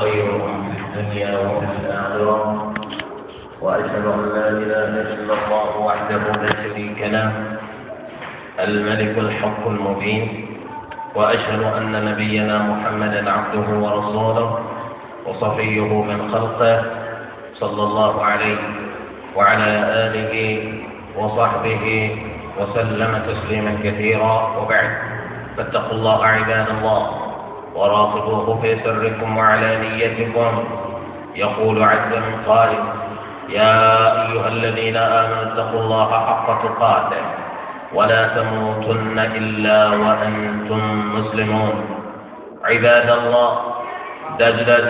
خير في الدنيا وفي الآخرة وأشهد أن لا إله إلا الله وحده لا شريك له الملك الحق المبين وأشهد أن نبينا محمدا عبده ورسوله وصفيه من خلقه صلى الله عليه وعلى آله وصحبه وسلم تسليما كثيرا وبعد فاتقوا الله عباد الله وراقبوه في سركم وعلانيتكم يقول عز من قائل يا أيها الذين آمنوا اتقوا الله حق تقاته ولا تموتن إلا وأنتم مسلمون عباد الله دجدج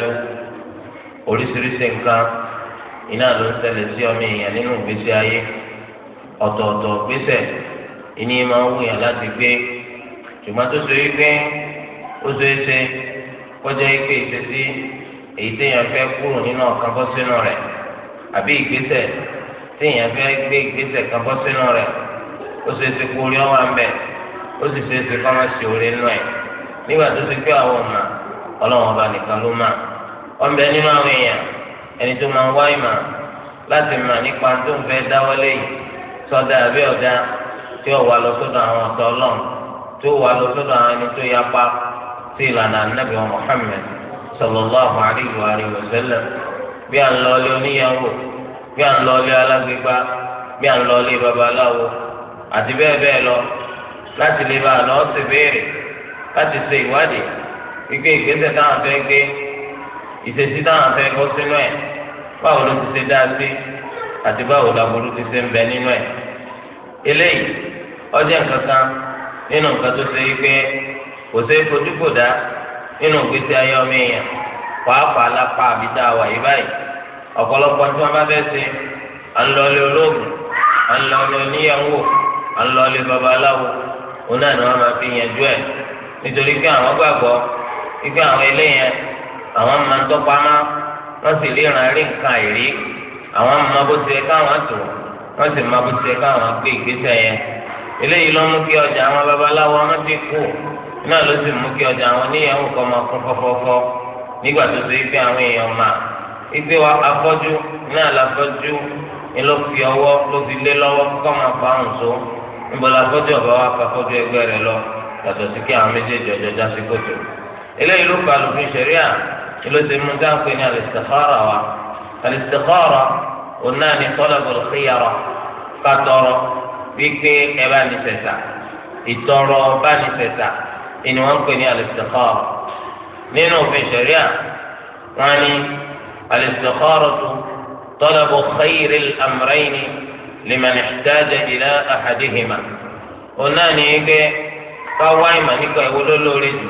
oríṣiríṣi nǹkan iná ló ń ṣẹlẹ̀ sí ọmọ èèyàn nínú ìgbésí هو ọ̀tọ̀ọ̀tọ̀ gbésẹ̀ ثم máa ó ṣeé ṣe kọjá ike ìṣesí èyí téèyàn fẹ́ kúrò nínú ọ̀kan bọ́ sínú rẹ̀ àbí ìgbésẹ̀ téèyàn fẹ́ gbé ìgbésẹ̀ kan bọ́ sínú rẹ̀ ó ṣeé ṣe kó orí ọwọ́ ń bẹ̀ ó sì ṣeé ṣe kọ́ máa ṣe orí inú ẹ̀ nígbà tó ṣe pé àwọn ọ̀nà ọlọ́run ọba nìkan ló mà wọ́n bẹ nínú àwọn èèyàn ẹni tó máa wá ìmọ̀ láti sí ìlànà anábì Muhammad sallallahu alayhi wa alihi wa sallam bí à ń lọlé oníyàwó bí à àti lọ láti lè bá àlọ́ ṣe láti ṣe ìwádìí gbé ìṣesí kó sínú báwo ló ti ṣe dá sí àti báwo làbúrú ti ṣe ń bẹ nínú eléyìí nǹkan kan kò sí fojú kò dá nínú gbèsè ayé ọmọ èèyàn pàápàá lápá àbídá wà yí báyìí ọ̀pọ̀lọpọ̀ tí wọ́n bá fẹ́ ṣe à ń lọlé olóògùn à ń lọlé oníyàwó à ń lọlé babaláwo òun náà ni wọ́n máa fi yanjú ẹ̀ nítorí pé àwọn gbàgbọ́ pípé àwọn àwọn máa ń wọ́n sì rí nǹkan àìrí àwọn máa bó ti yẹ káwọn tó wọ́n sì máa bó ti yẹ káwọn gbé ọjà àwọn babaláwo kú náà ló sì mú kí ọjà àwọn oníyàwó kan máa kún fọfọfọ nígbà tó ṣe pé àwọn èèyàn máa ìgbé wa afọ́jú náà láfọ́jú ni ló fi ọwọ́ ló fi lé lọ́wọ́ kọ́ máa fa àrùn tó níbo láfọ́jú ọ̀bá wa fàfọ́jú ẹgbẹ́ rẹ lọ yàtọ̀ sí kí àwọn méjèèjì ọjọ́ já sí kòtò eléyìí ló fa lófin ṣẹ̀ríà ni ló ṣe mú dáńpé ní al wa al-istikhara ni talabul khiyara ká wípé ẹ bá ní sẹ̀sà ìtọrọ bá ní sẹ̀sà ìní wọn ń pè ní al-istikhara nínú òfin ṣẹ̀ríà wọn ni al-istikharatu talabu khayril amrayni liman ihtaja ila ahadihima òun náà ní pé káwá ìmọ̀ nípa èwo ló lóore jù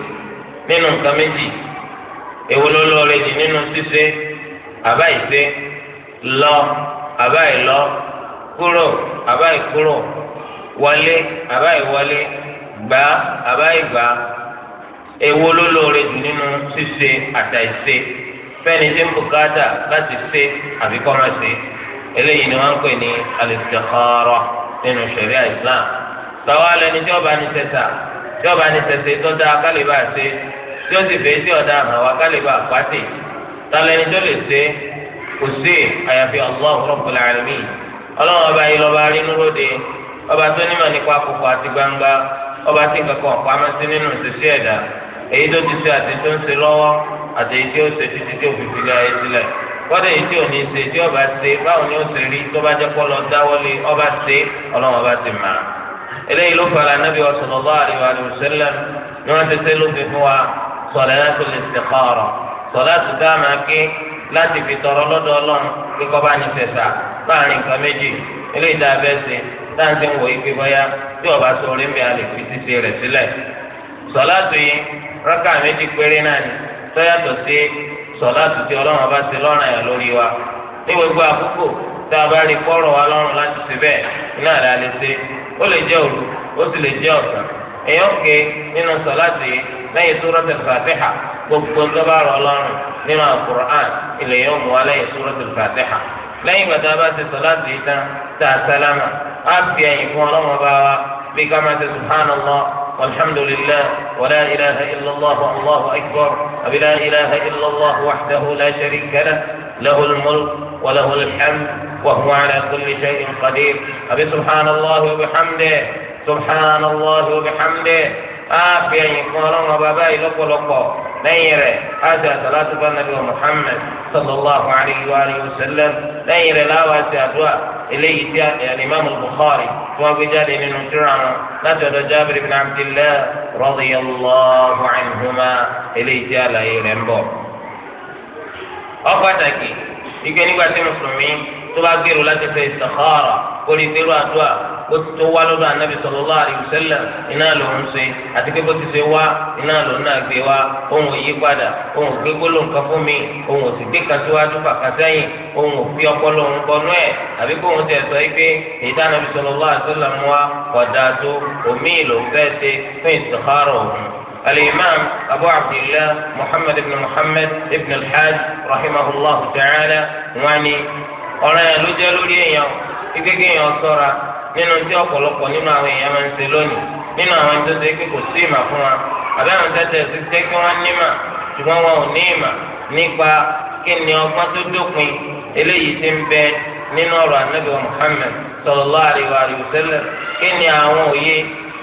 nínú nǹkan méjì èwo ló lóore jù nínú ṣíṣe àbá ìṣe lọ àbá kúrò àbá wọlé àbá gbà àbáyé gbà èwo ló lóore jù nínú ṣíṣe àtàìṣe fẹ́ni tí ń bùkátà láti ṣe àbí kọ́ máa ṣe eléyìí ni wọ́n ń pè ní al nínú ṣẹ̀ríà Islam tọ́wọ́ alẹ́ ni tí ọba ní sẹ́sà tí ọba ní sẹ́sẹ̀ tó dáa kálíbà ṣe tí ó sì fẹ́ tí ọ̀dà àmàwá kálíbà pàtì tọ́lẹ́ ni tó lè ṣe kò sí àyàfi Allah Rabbul Alamin ọlọ́run ọba yìí lọ́ba rí núròde ọba tó nímọ̀ nípa kókó àti gbangba ọba tí nǹkan kan pamọ́ sí nínú ìṣesí ẹ̀dá èyí tó ti ṣe àti tó ń ṣe lọ́wọ́ àti èyí tí ó ṣe títí tí ó fi fi láyé sílẹ̀ kọ́dà èyí tí ò ní ṣe tí ọba ṣe báwo ni ó ṣe rí tó bá jẹ́ kó lọ dáwọ́lé ọba ṣe ọlọ́run ọba ti mà á eléyìí ló fara nábì sallallahu alaihi wa ni wọ́n ti ṣe lófin fún wa salatul táǹtì ń wò yí pé bóyá tí ọba sọ̀rọ̀ ń bẹ alẹ́ fi títí rẹ̀ sílẹ̀ sọ̀láàtù yìí rákà méjì péré náà ni tọ́yàtọ̀ sí sọ̀láàtù tí ọlọ́run ọba ṣe lọ́rùn àyà lórí wa ní gbogbo àkókò tá a bá rí kọ́rọ̀ wa lọ́rùn láti ṣe bẹ́ẹ̀ iná àlẹ́ alẹ́ ṣe ó lè jẹ́ òru ó sì lè jẹ́ ọ̀sán èèyàn ké nínú sọ̀láàtù yìí lẹ́yìn suratul Fatiha gbogbo ńlọ́bà bá ti àfi ẹ̀yìn fún ọlọ́wọ́n bá wa bí ká máa ṣe subhanallah walhamdulillah wàlá ilaha illallah allahu akbar abilá ilaha illallah wàhdahu la sharika lah lahul mulk walahul hamd وهو على كل شيء قدير أبي سبحان الله وبحمده سبحان الله وبحمده آفيا يكون رمى بابا لقو لقو lẹ́yìn rẹ̀ àti àsàlátù bá nàbí wa muhammed sallallahu alayhi wa alihi wa sallam lẹ́yìn rẹ̀ láwa àti àdúrà eléyìí tí alimami bukhari tí wọ́n gbé jáde nínú síra wọn láti ọ̀dọ̀ jábìrì ibn abdillah radiyallahu anhuma eléyìí tí àlàyé rẹ̀ ń bọ̀. ọ pàtàkì ìgbẹ́ nígbà tí mùsùlùmí tó bá gbèrò láti fẹ́ istikhara kórè ìfẹ́rù àdúrà bó ti tó wá lọ́dọ̀ ànábì sallallahu alaihi wasallam iná ló ń ṣe àti pé bó ti ṣe wá iná ló ń náà gbé wá òun ò yí padà òun ò gbé gbólóhùn kan fún mi òun ò sì gbé kan síwájú kàkà sẹ́yìn òun ò fi ọpọlọ òun bọnú ẹ̀ àbí kó òun tẹ̀ yìí pé èyí tá ànábì sallallahu alaihi wasallam wá kọ̀dà tó omi ìlò الإمام أبو عبد الله محمد بن محمد بن الحاج رحمه الله تعالى وعني أنا لجل اليوم kékeré yẹn ṣọ́ra nínú tí ọ̀pọ̀lọpọ̀ nínú àwọn èèyàn máa ń ṣe lónìí nínú àwọn tó ṣe pé kò sí ìmọ̀ fún wa àbí àwọn tó ṣe jẹ́ kí wọ́n ní mà ṣùgbọ́n wọn ò ní ìmọ̀ nípa kí ni ọgbọ́n tó dópin eléyìí ti ń bẹ nínú ọ̀rọ̀ anábì Muhammad sallallahu alaihi wa sallam kí ni àwọn òye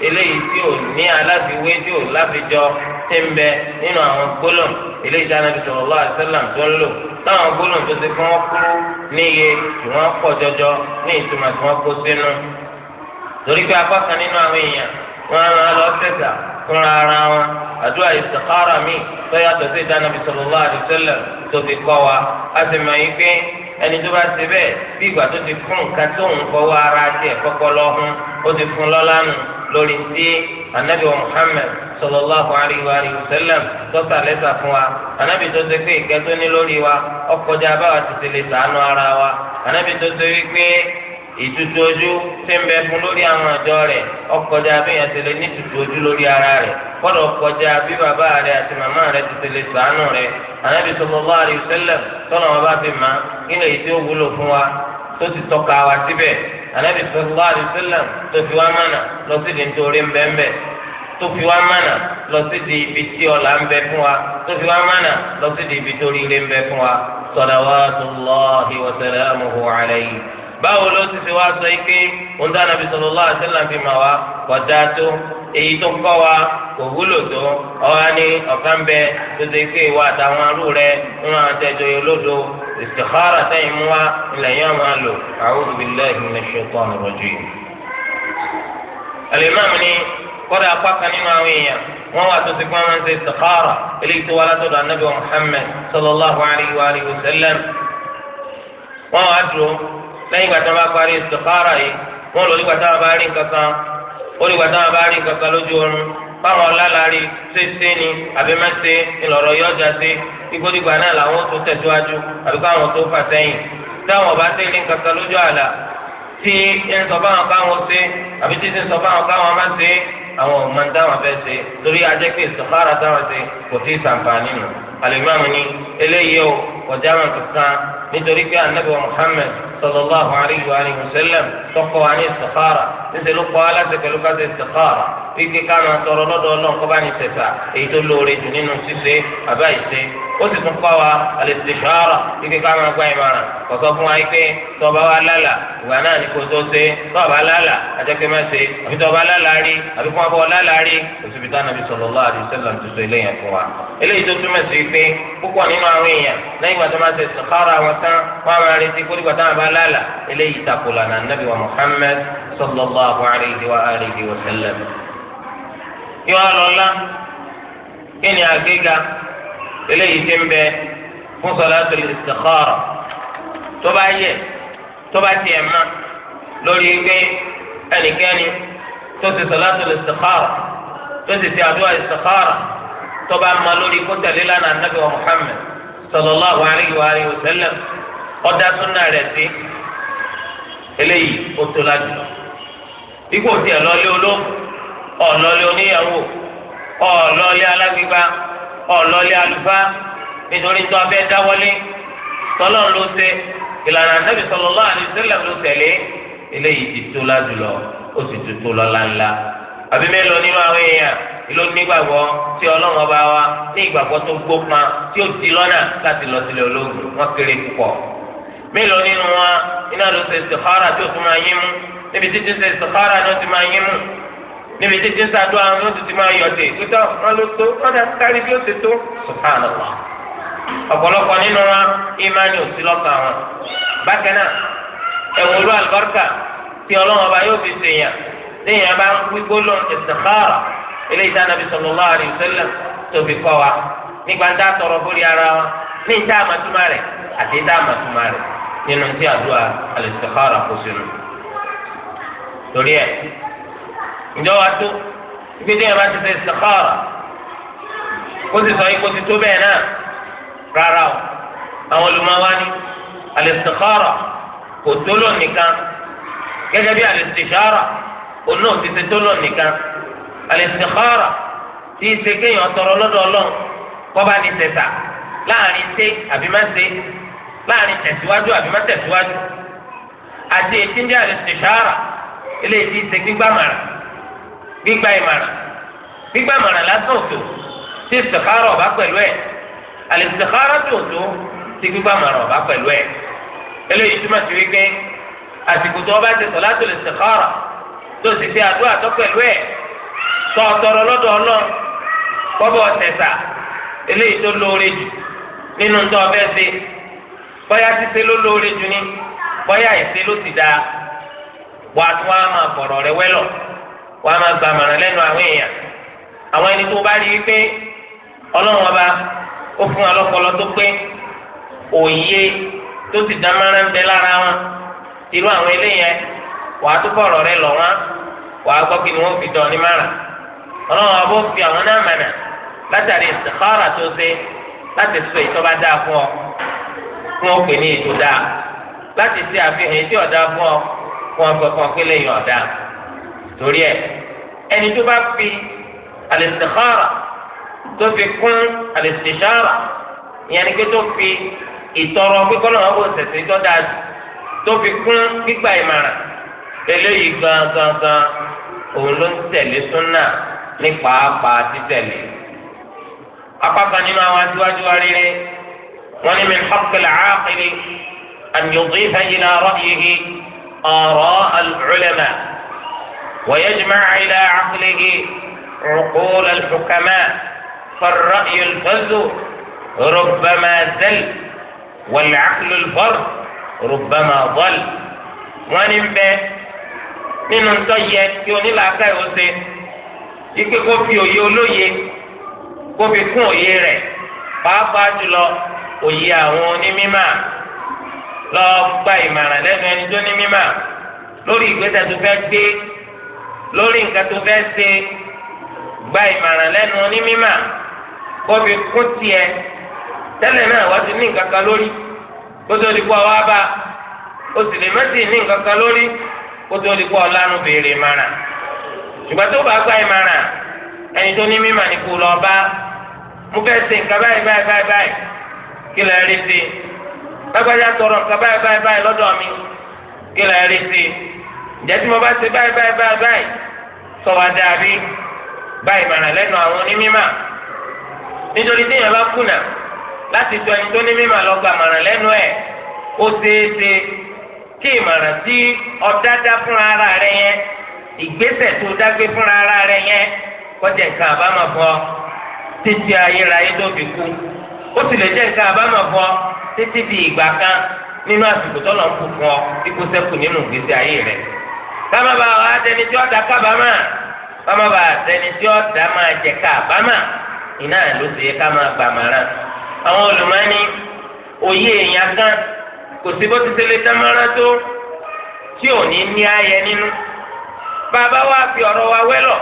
eléyìí tí ò ní aláfiwé tí ò láfijọ́ ti ń bẹ nínú àwọn gbólóhùn ilé ìdáná bíi sọlọ lọ́wọ́ àṣẹlẹ̀ tó ń lò táwọn gbólóhùn tó ti fún wọn kúrú níye tí wọ́n pọ̀ jọjọ ní ìtumọ̀ tí wọ́n kó sínú. torí pé apá kan nínú àwọn èèyàn wọn á máa lọ tẹ̀sà fúnra ara wọn àdúrà ìsàkárà mi tó yàtọ̀ sí ìdáná bíi sọlọ lọ́wọ́ àṣẹlẹ̀ tó fi kọ́ wa a sì mọ̀ yín pé ẹni tó bá ti bẹ́ẹ̀ bí ìgbà tó ti fún nǹkan tó ń fọwọ́ ara tiẹ̀ kọ́kọ́ lọ́hún ó ti fún lọ́lá Muhammad sallallahu alaihi wa alihi wasallam dọ́tà lẹ́sà fún wa anábì tó ṣe pé ìkẹ́ tó ní lórí wa ọkọjá báwa ti ṣe lè sàánú ara wa anábì tó ṣe wípé ìtutù ojú tí ń bẹ fún lórí àwọn àjọ rẹ̀ ọkọjá bí yẹn ti lè ní tutù ojú lórí ara rẹ̀ kọ́dọ̀ ọkọjá bí bàbá rẹ̀ àti màmá rẹ̀ ti ti lè sàánú rẹ̀ anábì sallallahu alaihi wasallam tọ́nà wọn bá fi mà kí lè yìí tí ó wúlò fún wa tó ti tọ́ka wa síbẹ̀ anábì sallallahu alaihi wasallam tó fi wá mọ̀nà lọ sí ìdíntò ń bẹ́ẹ̀ bẹ́ẹ̀ tó fi wá mánà lọ sí di ibi tí ọlà ń bẹ fún wa tó fi wá mánà lọ sí di ibi tó rí ilé ń bẹ fún wa salawatullahi wa salamuhu alayhi báwo ló ti ti wá sọ yìí pé òun dáná bí sallallahu alaihi wasallam fi mà wá kọjá tó èyí tó kọ́ wa kò wúlò tó ọ̀hà ni ọ̀kan bẹ tó ti pé ìwà àtàwọn arú rẹ nínú àwọn tẹ̀jọ́ yìí lódò istikhara sẹ́yìn mú wa ilẹ̀ yẹn máa lò a'udhu billahi minash shaitanir rajim. al-imam ni kọ́dà apá kan nínú àwọn èèyàn wọ́n wà tó ti pọ́n máa ń ṣe istikhara eléyìí tó wà látọ̀dọ̀ anabi wa muhammed sallallahu alayhi wa alihi wa sallam wọ́n wà dúró lẹ́yìn ìgbà tí wọ́n bá parí istikhara yìí wọ́n lò nígbà tí wọ́n bá rí nǹkan kan ó nígbà tí wọ́n bá rí nǹkan kan lójú oorun báwọn ọlálàárí ṣéṣe ni àbí mẹ́ṣe ńlọrọ̀ yọjà sí igbódìgbà náà làwọn tó tẹ̀síwájú àbí káwọn tó fà sẹ́yìn táwọn ọba tẹ́ ní kankan lójú àlà tí ń sọ fáwọn káwọn ṣe àbí títí ń sọ fáwọn káwọn má ṣe àwọn ọmọ dáwọn fẹ́ ṣe torí ajẹ́ pé istikhara dáwọn ṣe kò sí ìsànfàní nù alimami ni eléyìí o ọjà wọn kankan nítorí pé anabi muhammed sallallahu alayhi wa sallam tọkọ wa ní istikhara níṣẹ́ ló kọ́ aláṣẹ pẹ̀lú ká ṣe istikhara wípé ká máa tọrọ lọ́dọ̀ Ọlọ́run kó bá ní tẹ̀sà èyí tó lóore jù nínú ṣíṣe àbá ìṣe ó sì tún kọ́ wa al-istishara wípé ká máa gba ìmọ̀ràn kọ̀sọ́ fún wa wípé tọba wa lálà ìgbà náà ni kò tó ṣe tọba lálà àjẹpẹ́ má ṣe àbí tọba lálà rí àbí fún abọ́ lálà rí òṣùbí tá nàbí sallallahu alaihi wasallam tó so eléyàn fún wa. eléyìí tó túmọ̀ sí pé púpọ̀ nínú àwọn èèyàn lẹ́yìn ìgbà tó máa ṣe istikhara wọn tán wọn máa retí kó nígbà táwọn bá lálà eléyìí takò lànà nàbí wa Muhammad sallallahu alaihi wa alihi wa sallam kí wọn lọ la kí ni àgbéga eléyìí ti ń bẹ fún salatul istikhara tó bá yẹ tó bá tiẹ̀ mọ́ lórí pé ẹnikẹ́ni tó ti salatul istikhara tó ti ti àdúrà istikhara tó bá mọ́ lórí kó tẹ̀lé lánàá nàbẹ̀ wa Muhammad sallallahu alayhi wa alihi wa sallam ọ̀dà súnà rẹ̀ sí eléyìí ó tó lájùlọ. ikú òtí ẹ̀ lọ́lé olóògùn. ọ̀lọ́lẹ̀ oníyàwó ọ̀lọ́lẹ̀ alágbèbá ọ̀lọ́lẹ̀ àlùfáà nítorí tó abẹ́ dáwọ́lé tọ́lọ́ ló ṣe ìlànà ànábì sallallahu alaihi wasallam ló eléyìí ti tó ládùlọ ó sì ti tó lọ́la ńlá àbí mélòó nínú àwọn èèyàn ìlú nígbàgbọ́ tí ọba wa ní tó tí ó di lọ wọn kéré nínú wa iná ló ṣe tí ó tún máa yín mú níbi ti máa níbi títí sàdúrà wọn ti ti máa yọ ọtẹ ìtútọ wọn ló tó wọn dà kárí bí ó ti tó subhanallah ọ̀pọ̀lọpọ̀ nínú wa ìmánì òsì lọ́kàn wọn bákan náà ẹ̀wọ̀n olú àlùbáríkà tí ọlọ́run ọba yóò fi sèyàn téèyàn bá ń wí gbólóhùn istikhara eléyìí tá nàbí sallallahu alaihi wasallam tó fi kọ́ wa nígbà tá a tọrọ bórí ara wa ní ìta àmàtúmá rẹ̀ àti ìta àmàtúmá rẹ̀ nínú tí àdúrà al kò sínú. torí ẹ̀ ǹjọ́ wa tó ibi tí yẹn bá ti ṣe istikhara kó sì sọ yìí kó ti tó bẹ́ẹ̀ náà rárá o àwọn olùmọ̀wá ni al-istikhara kò tó lò nìkan gẹ́gẹ́ bí al-istishara òun náà ti ṣe tó lò nìkan al-istikhara tí í ṣe kéèyàn tọrọ lọ́dọ̀ ọlọ́run kọ́ba ní tẹ̀sà láàrin ṣe àbí má ṣe láàrin tẹ̀síwájú àbí má tẹ̀síwájú àti ètí ń jẹ́ al-istishara eléyìí ti ṣe gbígbàmàrà gbígbà ìmọ̀ràn gbígbà ìmọ̀ràn lásán òtò tí istikhara ọba pẹ̀lú ẹ̀ al-istikhara tó òtò tí gbígbà ìmọ̀ràn ọba pẹ̀lú ẹ̀ eléyìí túmọ̀ sí wípé àsìkò tó ọba ti salatul istikhara tó sì ti àdúrà tó pẹ̀lú ẹ̀ tó ọtọrọ lọ́dọ̀ ọlọ́run kọ́bọ̀ ọ̀tẹ̀sà eléyìí tó lóore jù nínú tó ọbẹ̀ ṣe bọ́yá ṣíṣe ló lóore jù ní bọ́yá ìṣe ló ti dáa wàá tún wá máa fọ̀rọ̀ rẹ wẹ́lọ̀. Wa máa gba àmàràn lẹ́nu àwọn èèyàn àwọn ẹni tó bá rí wípé ọlọ́run ọba ó fún ọlọ́pọlọ tó pé òye tó ti dá mọ́ra ń bẹ lára wọn irú àwọn eléyẹn wàá tó fọ̀rọ̀ rẹ lọ̀ wọn wàá gbọ́ kí ni fi ní mara ọlọ́run ọba ó fi àwọn náà mànà látàrí istikhara tó ṣe láti sọ ìtọ́ba dáa fún ọ fún ní ètò dáa láti ṣe àfihàn torí ẹ ẹni tó bá fi al-istikhara tó fi kún al-istishara ìyẹn ni pé tó fi ìtọrọ pípọ́ náà wọ́n sẹ̀sẹ̀ tó dáa tó fi kún gbígbà ìmọ̀ràn eléyìí gangan gan òun ló ń tẹ̀lé súnà ní pàápàá títẹ̀lé apá nínú àwọn aṣíwájú wa rere wọn ni min haqqil aaqili an yudifa ila ra'yihi ara al-ulama. ويجمع إلى عقله عقول الحكماء فالرأي الفذ ربما زل والعقل الفر ربما ضل ونبه nínú ntọ́ yẹ kí onílàáká yóò ṣe ike kó fi òye olóye kó fi kún òye rẹ̀ pàápàá jùlọ òye àwọn onímímà lọ́ọ́ gba ìmọ̀ràn lẹ́nu ẹni tó ní mímà lórí ìgbésẹ̀ tó fẹ́ gbé lórí nǹkan tó fẹ́ ṣe gba ìmọ̀ràn lẹ́nu onímọ̀ kó fi kún tiẹ̀ tẹ́lẹ̀ náà wá sí ní nǹkan kan lórí ọ wá bá o sì lè mẹ́sì ní nǹkan kan lórí ọ lánú béèrè ṣùgbọ́n tó bá gba ìmọ̀ràn ẹni tó ní mímọ̀ ni kó lọ bá mo fẹ́ ṣe nǹkan báyìí báyìí báyìí báyìí kí lè rí sí i lágbájá tọrọ nǹkan mi kí lè ǹjẹ́ tí mo bá ṣe báyìí báyìí báyìí báyìí sọ̀wá dàbí báyìí màrà lẹ́nu àwọn onímímà nítorí téèyàn bá kùnà láti tọ ẹni tó ní mímà lọ́gbà màrà lẹ́nu ẹ̀ ó ṣeéṣe kí ìmọ̀ràn tí ọ̀dá dá fúnra ara rẹ yẹn ìgbésẹ̀ tó dágbé fúnra ara rẹ yẹn kọjá nǹkan àbámọ̀ fọ́ títí ayérayé tó fi kú ó sì lè jẹ́ nǹkan àbámọ̀ títí di ìgbà kan nínú àsìkò tó lọ́n kú fún ọ ikú sẹ́kù nínú ìgbésí ayé rẹ̀. kama ba wa tẹni tí ọ̀dà kábàámà kama ba tẹni tí ọ̀dà máa jẹ ma iná ló ti yẹ kama máa gbà àwọn olùmọ́ni oyè èèyàn kan kò sí bó ti ṣe lè tó tí ò ní ní ayẹ nínú bàbá wa fi ọ̀rọ̀ wa wẹ́lọ̀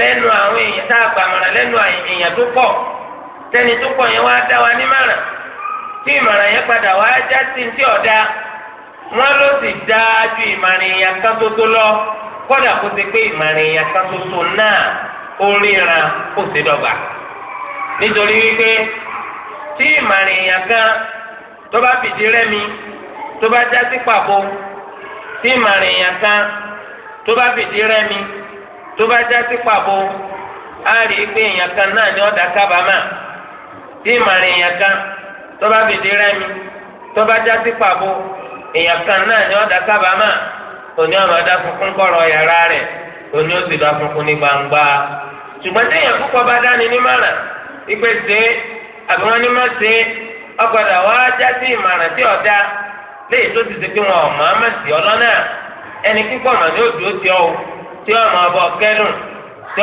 lẹ́nu àwọn èèyàn tá a lẹ́nu wa ní mara tí yẹn padà wá já sí ní ọ̀dà. wọn ló sì dáájú ìmàrìyàn kan lọ kó ti pé ìmàrìyàn kan tó tó náà ó ríran ó sì dọ́gba nítorí wípé tí ìmàrìyàn kan tó bá fìdí rẹmi tó bá já sí pàbó tí ìmàrìyàn kan tó bá fìdí tó bá já sí pàbó á rí i pé èèyàn kan náà ni ọ̀dà kábàámà tí kan tó bá fìdí tó bá já sí pàbó. èèyàn kan náà ni ọ̀dà kábàámà òní ọmọ funfun yàrá òní ó sì funfun ní gbangba ṣùgbọ́n téèyàn púpọ̀ bá dání ní mara ìpè àbí wọ́n ní má ṣe ọgbàdà wá já sí ìmàràn tí ọ̀dà léyìí tó ti ṣe pé wọn tí ọ tí ọmọ ọbọ tí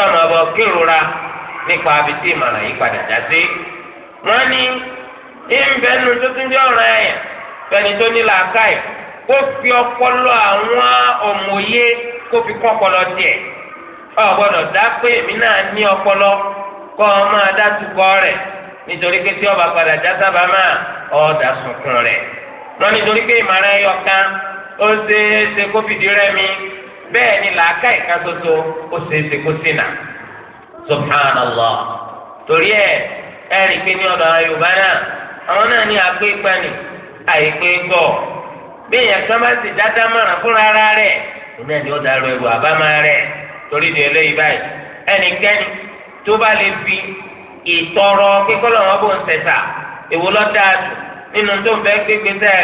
ọmọ ọbọ nípa tí ìmàràn yìí padà fẹ́ni tó ní làákàyè kó fi ọpọlọ àwọn ọ̀mọ̀ye kó fi kọ́ ọpọlọ tiẹ̀ ọ gbọdọ dá pé èmi náà ní ọpọlọ kọ ọ máa dá tukọ̀ rẹ nítorí pé ọba padà já sábà máa ọ̀ọ́dà sunkún nítorí pé kan ó ṣe é ṣe kó fìdí rẹmi bẹ́ẹ̀ ni làákàyè kan ṣoṣo ó ṣe é ṣe kó torí ẹ ẹ rí i pé àìpé gbọ́ bẹ́ẹ̀yàn kan bá sì dáadáa mọ̀ràn ara rẹ ìnáà ni ó dàrú ẹrù àbámá rẹ̀ torí di eléyìí báyìí tó bá lè fi ìtọrọ kíkọlọ wọn bò ń tẹ̀sà èwo lọ dáa nínú tó ń bẹ́ gbégbé sẹ́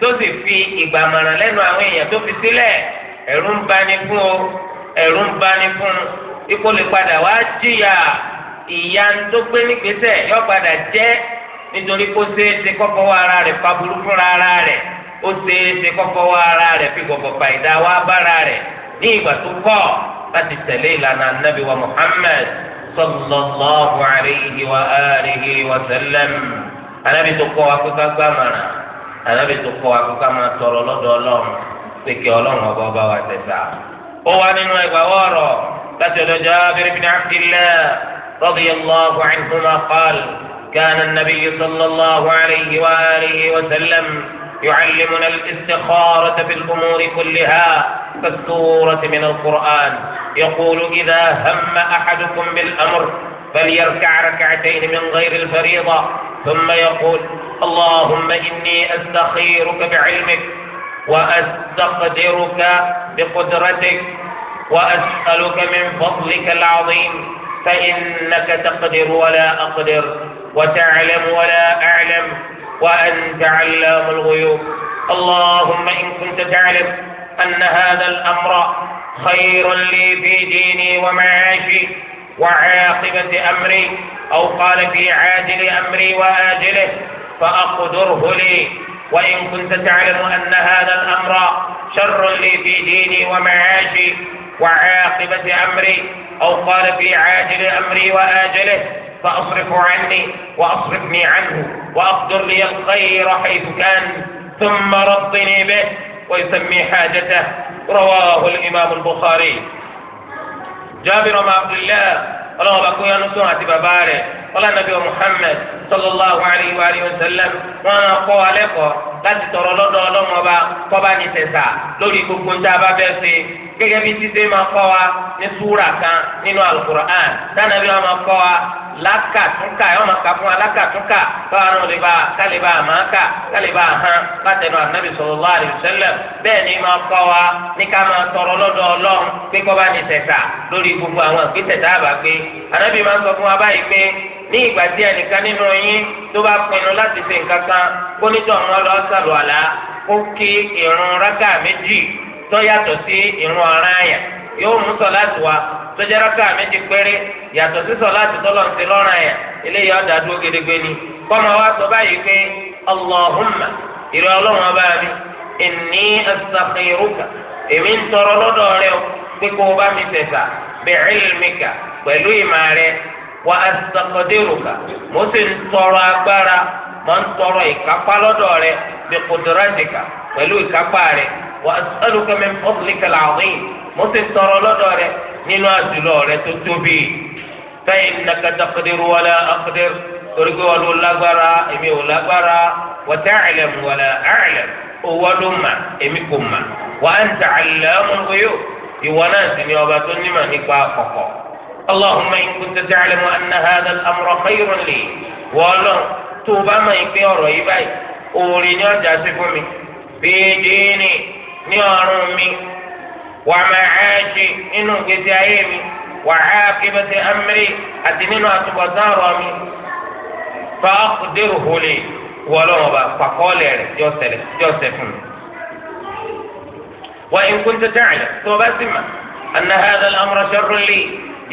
tó sì fi àwọn èèyàn tó fi ń bani fún o ẹ̀rù ń bani fún un ikú nítorí kó ṣeé ṣe kọ́kọ́ wá ara rẹ̀ fa burú fúnra ara rẹ̀ ó ṣeé ṣe kọ́kọ́ wá ara rẹ̀ fi gbọ̀gbọ̀ fàyídà wá bára rẹ̀ ní ìgbà tó kọ́ láti tẹ̀lé ìlànà anábì wa Muhammad sallallahu alayhi wa alihi wa sallam anábì tó kọ́ wa pé ká gbàmàrà anábì tó kọ́ wa pé lọ́dọ̀ ọlọ́run pé kí ọlọ́run ọba ọba wa tẹ̀sà ó wà nínú ẹgbà wọ́ọ̀rọ̀ láti ọ̀dọ̀ Jabir bin Abdillah radiyallahu anhuma qala. كان النبي صلى الله عليه وآله وسلم يعلمنا الاستخارة في الأمور كلها كالسورة من القرآن يقول إذا هم أحدكم بالأمر فليركع ركعتين من غير الفريضة ثم يقول اللهم إني أستخيرك بعلمك وأستقدرك بقدرتك وأسألك من فضلك العظيم فإنك تقدر ولا أقدر وتعلم ولا أعلم وأنت علام الغيوب اللهم إن كنت تعلم أن هذا الأمر خير لي في ديني ومعاشي وعاقبة أمري أو قال في عاجل أمري وآجله فأقدره لي وإن كنت تعلم أن هذا الأمر شر لي في ديني ومعاشي وعاقبة أمري أو قال في عاجل أمري وآجله فأصرفه عني وأصرفني عنه وأقدر لي الخير حيث كان ثم رضني به ويسمي حاجته رواه الإمام البخاري جابر بن عبد الله ọlọ́run ọba kóyá ló sọ̀rọ̀ àti bàbá rẹ̀ ọlọ́nàbí Muhammad sallallahu alayhi wa alihi wa sallam wọn náà kọ́ alẹ́ kọ́ láti tọrọ lọ́dọ̀ ọlọ́run ọba kọ́ba ní tẹ̀sà lórí gbogbo ń tá a bá bẹ́ẹ̀ ṣe gẹ́gẹ́ bí títí máa kọ́ wa ní súra kan nínú alukur'an tánàbí wọn máa kọ́ wa laka tuka wọn máa kà fún wa lákàtúnkà káwọn ọ̀rẹ́ bá kálí bá máa kálí látẹnu anabi sallallahu alaihi wasallam bẹ́ẹ̀ ni ma kọ́ wa ní ká máa tọrọ n'i ọlọ́run pé kọ́ bá ní tẹ̀sà lórí gbogbo àwọn ìpínlẹ̀ tá a gbé anabi máa ń sọ fún wa báyìí pé ní ìgbà tí ẹnìkan nínú yín kan kó lọ àlá kí ìrun rákà méjì tó yàtọ̀ sí ìrun tọ́jà rákà méjì péré yàtọ̀ sí sọ̀láàtì tọ́lọ̀ ń ṣe lọ́rùn yẹn eléyìí ọ̀dà dúró gedegbe ni kọ́mọ wa sọ báyìí pé allahumma ìrẹ ọlọ́run ọba mi inni asàkìrúkà èmi ń tọrọ lọ́dọ̀ rẹ o pé kó o bá mi tẹ̀sà bi'ilmika pẹ̀lú ìmọ̀ rẹ wa asàkọ̀dérùkà mo sì ń tọrọ agbára mo ń tọrọ ìkápá lọ́dọ̀ rẹ bi qudratika pẹ̀lú ìkápá rẹ wa as'aluka min fadlika al nínú àdúrà rẹ tó tóbi fẹ́yìn nàkàtà kọ́dẹ́rù wọlé akọ́dẹ́rù torí pé wọn ló lágbára èmi ò lágbára wọ́n tẹ́ àìlẹ̀ mu wọlé àìlẹ̀ owó ló mà èmi kò mà wọ́n á ń tẹ àìlẹ̀ mu wíyó náà sì ni ọba tó nímọ̀ nípa kọ̀kọ̀. اللهم إن كنت تعلم أن هذا الأمر خير لي ولو توبا ما يكفي ريباي أولي نرجع سفمي في ديني نيارمي wà ma'ashi inú gbèsè ayé mi wà aqibati amri àti nínú àtúbọ̀tán ọ̀rọ̀ mi fa aqdiru huli wọlọ́wọ́ bá pàkọ́ọ̀lẹ̀ rẹ̀ yọ sẹ̀lẹ̀ yọ sẹ̀ fún mi. wa in kunta ta'lam tó o bá sì mà anna hadha al-amra sharrun li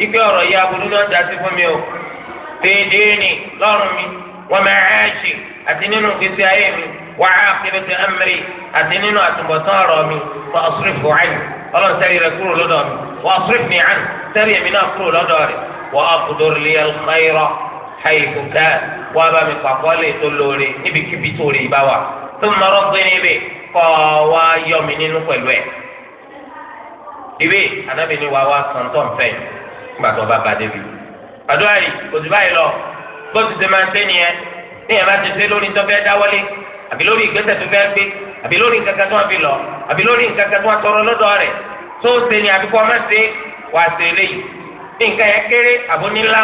ike ọ̀rọ̀ yìí aburú náà dá sí fún mi o fi dini lọ́rùn mi wa ma'ashi àti nínú gbèsè ayé mi wà aqibati amri àti nínú àtúbọ̀tán ọ̀rọ̀ mi fa asrifu anhu ọlọ́run sẹ́rí rẹ kúrò lọ́dọ̀ mi wà á fúrẹ́ mi àn sẹ́rí èmi náà kúrò lọ́dọ̀ rẹ wà á kúndùrú lé ẹlẹ́kọ́ hayiku ká wà á bá mi pàpọ́ lè tó lóore níbikíbi tó rè bá wà tó mọ̀rọ́ gbé níbi kọ́ wá yọ mi nínú pẹ̀lú ẹ̀ ibi anabi ni wà wá sọ̀ntọ̀ nfẹ̀ gbàtọ́ bá ba débi àdúrà yìí kò báyìí lọ bó ti ṣe máa ń ṣe ní ìyàrá ti ṣe lórí tó fẹ́ dáwọ́lé àbí lórí ìgbésẹ̀ tó fẹ́ gbé àbí lórí nǹkan kan tó wọ́n fi lọ àbí lórí nǹkan kan tó wọ́n tọrọ lọ́dọ̀ rẹ̀ tó ṣe ni àbíkọ́ ọmọ ṣe wà ṣe eléyìí nǹkan yẹn kéré àbó nílá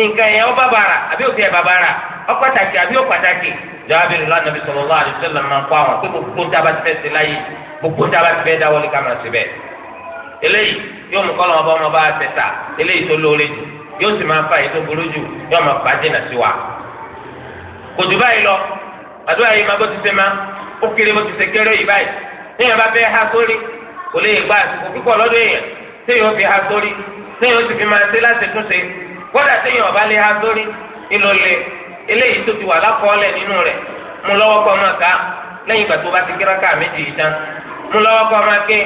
nǹkan yẹn ó bàbàrà àbí òfin ẹ̀ bàbàrà ó pàtàkì àbí ó pàtàkì jawaabi rẹ lọ́nà bí sọlọ́lá àdìsẹ́lẹ̀ máa kọ́ àwọn pé gbogbo dábàá ti fẹ́ ṣe láyé gbogbo dábàá ti fẹ́ dáwọ́lé ká máa ṣe bẹ́ẹ̀ ó kéré bó ti ṣe kéré yìí báyìí téèyàn bá fẹ́ ha sórí kò lè gba àsìkò púpọ̀ lọ́dọ̀ èèyàn téèyàn ó fi ha sórí téèyàn ó sì fi máa ṣe láti túnṣe kódà téèyàn ọba lè ha sórí ìlò lè eléyìí tó ti wà lákọọ́lẹ̀ nínú rẹ̀ mú lọ́wọ́ kọ́ máa ká lẹ́yìn ìgbà tó bá ti kíra káà méjì yìí tán mú lọ́wọ́ kọ́ máa ké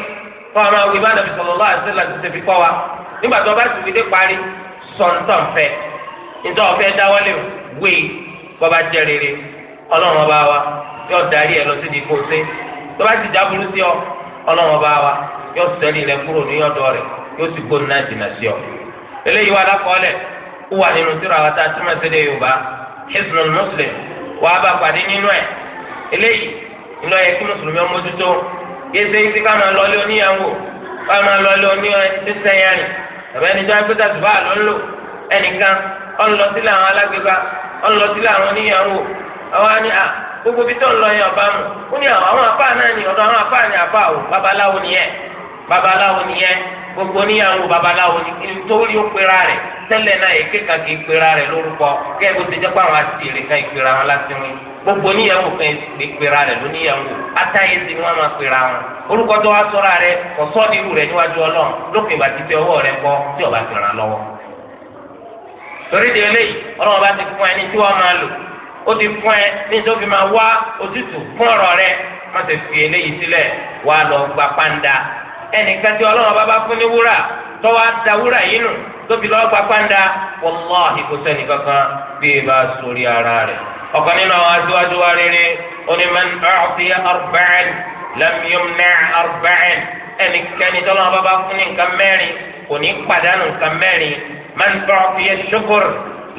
kọ́ máa wí bá nàbì sallallahu alaihi wasallam ti fi kọ́ wa nígbà tó bá ti fi dé parí sọ̀ǹtàn fẹ́ yóò darí ẹ lọ sí di kó ti sí ọ ọlọ́wọ́n bá wa yóò sẹ́rí rẹ kúrò ní ọ̀dọ̀ rẹ yóò sì gbóni ọ. eléyìí wà lákọọ́lẹ̀ wà nínú tíra wa tá a túmọ̀ sí ilé yorùbá Hisnul Muslim wà á bá pàdé nínú eléyìí yẹ kí mùsùlùmí ọmọ tuntun yéé ṣe lọ gbogbo ibi tó ń lọ yẹn ọba mu ó ní àwọn afá náà ni ọ̀dọ̀ àwọn afá ni afá o babaláwo ni yẹn babaláwo ni yẹn gbogbo oníyàwó babaláwo ni nítorí ó pera rẹ̀ tẹ́lẹ̀ náà èké kan kì í pera rẹ̀ lórúkọ bó ti àwọn àti èrè ìpera wọn láti gbogbo oníyàwó kan ìpera rẹ̀ lóníyàwó atáyé ti wọn máa pera wọn orúkọ tó wá níwájú lókè tí ọba ti ó ti fún ẹ ní tó fi máa wá òtítù fún ọ̀rọ̀ rẹ má ṣe fi eléyìí sílẹ̀ wá lọ gba pàǹdà ẹnìkan tí ọlọ́run bá bá fún ní wúrà tó wá da wúrà yìí nù tó fi lọ́ọ́ gba pàǹdà wàláhì kò sẹ́ni kankan bí e bá sórí ara rẹ̀ ọ̀kan nínú àwọn aṣíwájú wa rere onímọ̀n ọ̀ọ́tì arba'in lam yumna' arba'in ẹnìkan tí ọlọ́run bá bá fún ní nǹkan mẹ́rin kò ní pàdánù nǹkan mẹ́rin man ọ̀ọ́tì ṣukur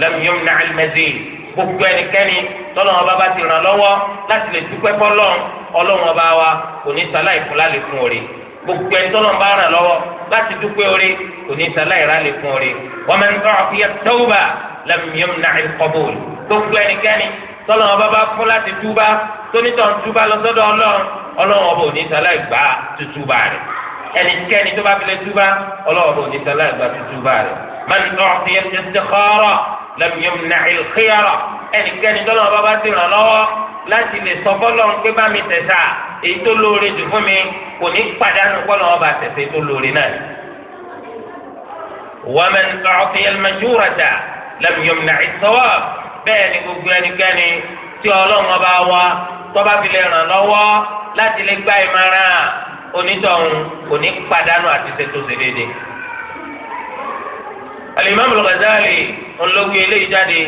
lam yumna' al-mazid gbogbo ẹnikẹ́ni tọ́lọ́run ọba bá ti ràn lọ́wọ́ láti lè dúpẹ́ fọ́lọ́run ọlọ́run ọba wa kò ní sáláì fún lálẹ́ fún òre gbogbo ẹni tọ́lọ́run bá ràn lọ́wọ́ láti dúpẹ́ òre kò ní sáláì rálẹ̀ fún òre wọ́n mẹ́rin tọ́ra fi yẹ tẹ́wọ́bà lẹ́mìíyàn náà ń gbogbo ẹnikẹ́ni tọ́lọ́run ọba bá fún láti túbá tónítọ̀ ń lọ́sọ́dọ̀ ọlọ́run lẹ́mìíyàn nàìl khiyara ẹnikẹ́ni tó lọ́wọ́ bá ti ràn lọ́wọ́ láti lè sọ bọ́lọ̀ ń pé bá mi tẹ̀sà èyí tó lóore jù fún mi kò ní pàdánù bọ́lọ̀ wọn bá tẹ̀sà èyí tó lóore náà. wa man u'tiya al-mashurata lam yumna' as-sawab bẹ́ẹ̀ ni gbogbo ẹnikẹ́ni tí ọlọ́run ọba wa tọ́ba fi lè ràn lọ́wọ́ láti lè gba ìmọ̀ràn onítọ̀hún kò ní pàdánù àti ṣètò ṣèdéédéé alimami al-Ghazali ńlọgbìn eléyìí jáde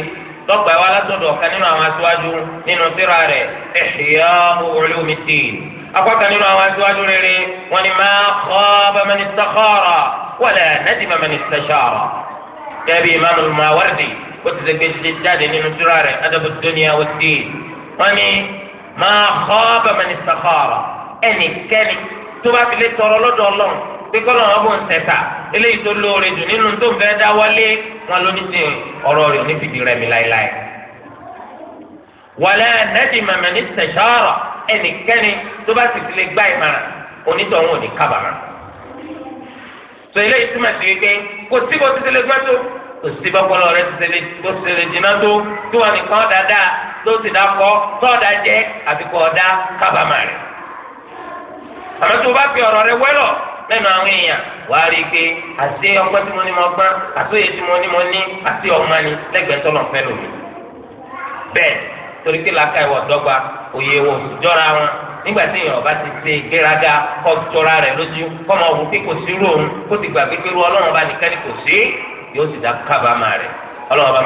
lọ́gbà wa látọ̀dọ̀ ọ̀kan nínú àwọn aṣáájú nínú tírà rẹ̀ Ihya Ulumuddin akọ́kan nínú àwọn aṣáájú rere wọn ni ma khaba man istakhara wala nadima man istashara kẹ́bi imaamu al-Mawardi ó ti sẹ́gbẹ́ ti jáde nínú tírà rẹ̀ Adabu ad-Dunya wad-Din wọn ni ma khaba man istakhara ẹnikẹ́ni tó bá fi lè tọrọ lọ́dọ̀ ọlọ́run pé kọ́lọ́ eléyìí tó lóore jù nínú tó fẹ́ dá wọlé wọn ló ní sí ọ̀rọ̀ rẹ̀ onífìdí rẹ̀ mi láéláé. wàlẹ́ nẹ́ẹ̀dì màmá ní sẹ̀ṣọ́rọ̀ ẹnikẹ́ni tó bá sì ti lè gbá ìmọ̀ràn onítọ̀hún ò ní kábàámà. sọ eléyìí túmọ̀ sí wípé kò sí bó ti ti lè gbá tó kò sí bọ́pọ̀lọ́ rẹ̀ ti ti lè jìnnà tó tó wà nìkan dáadáa tó ti dákọ́ tọ́ọ̀dá jẹ́ àfikọ́ ọ̀dá kábàámà rẹ̀. àmọ́ lẹnu àwọn èèyàn wàá rí i pé àti ọgbọ́n tí mo ní mo gbọ́n àti òye tí mo ní mo ní àti ọmọ ni lẹ́gbẹ̀ẹ́ tọ́lọ̀ fẹ́ lómi. bẹ́ẹ̀ torí làákà ìwọ̀ dọ́gba jọra wọn nígbà tí èèyàn bá ti ṣe ìgbéraga kọ́ jọra rẹ̀ lójú kọ́ pé kò sí róun kó ti gbà pé ọlọ́run bá nìkan ni kò sí yóò sì dá kábàámà rẹ̀ ọlọ́run bá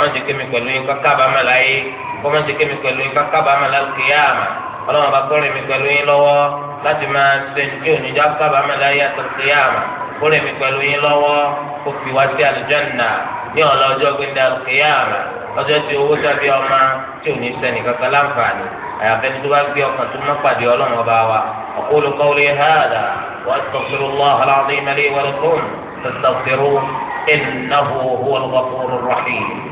láti máa sẹ́ni tí onídjá kábàámà láyé àtọ̀kéyàmà kó lè mi pẹ̀lú yín lọ́wọ́ kó fi wá sí àlùjánnà ní ọ̀la ọjọ́ gbẹ̀dẹ̀ àtọ̀kéyàmà ọjọ́ tí owó tàbí ọmọ tí ò ní sẹ́ni kankan láǹfààní àyàfẹ́ni tó bá gbé ọkàn tó má pàdé ọlọ́run ọba wa أقول قولي هذا وأستغفر الله العظيم لي ولكم فاستغفروه إنه هو الغفور الرحيم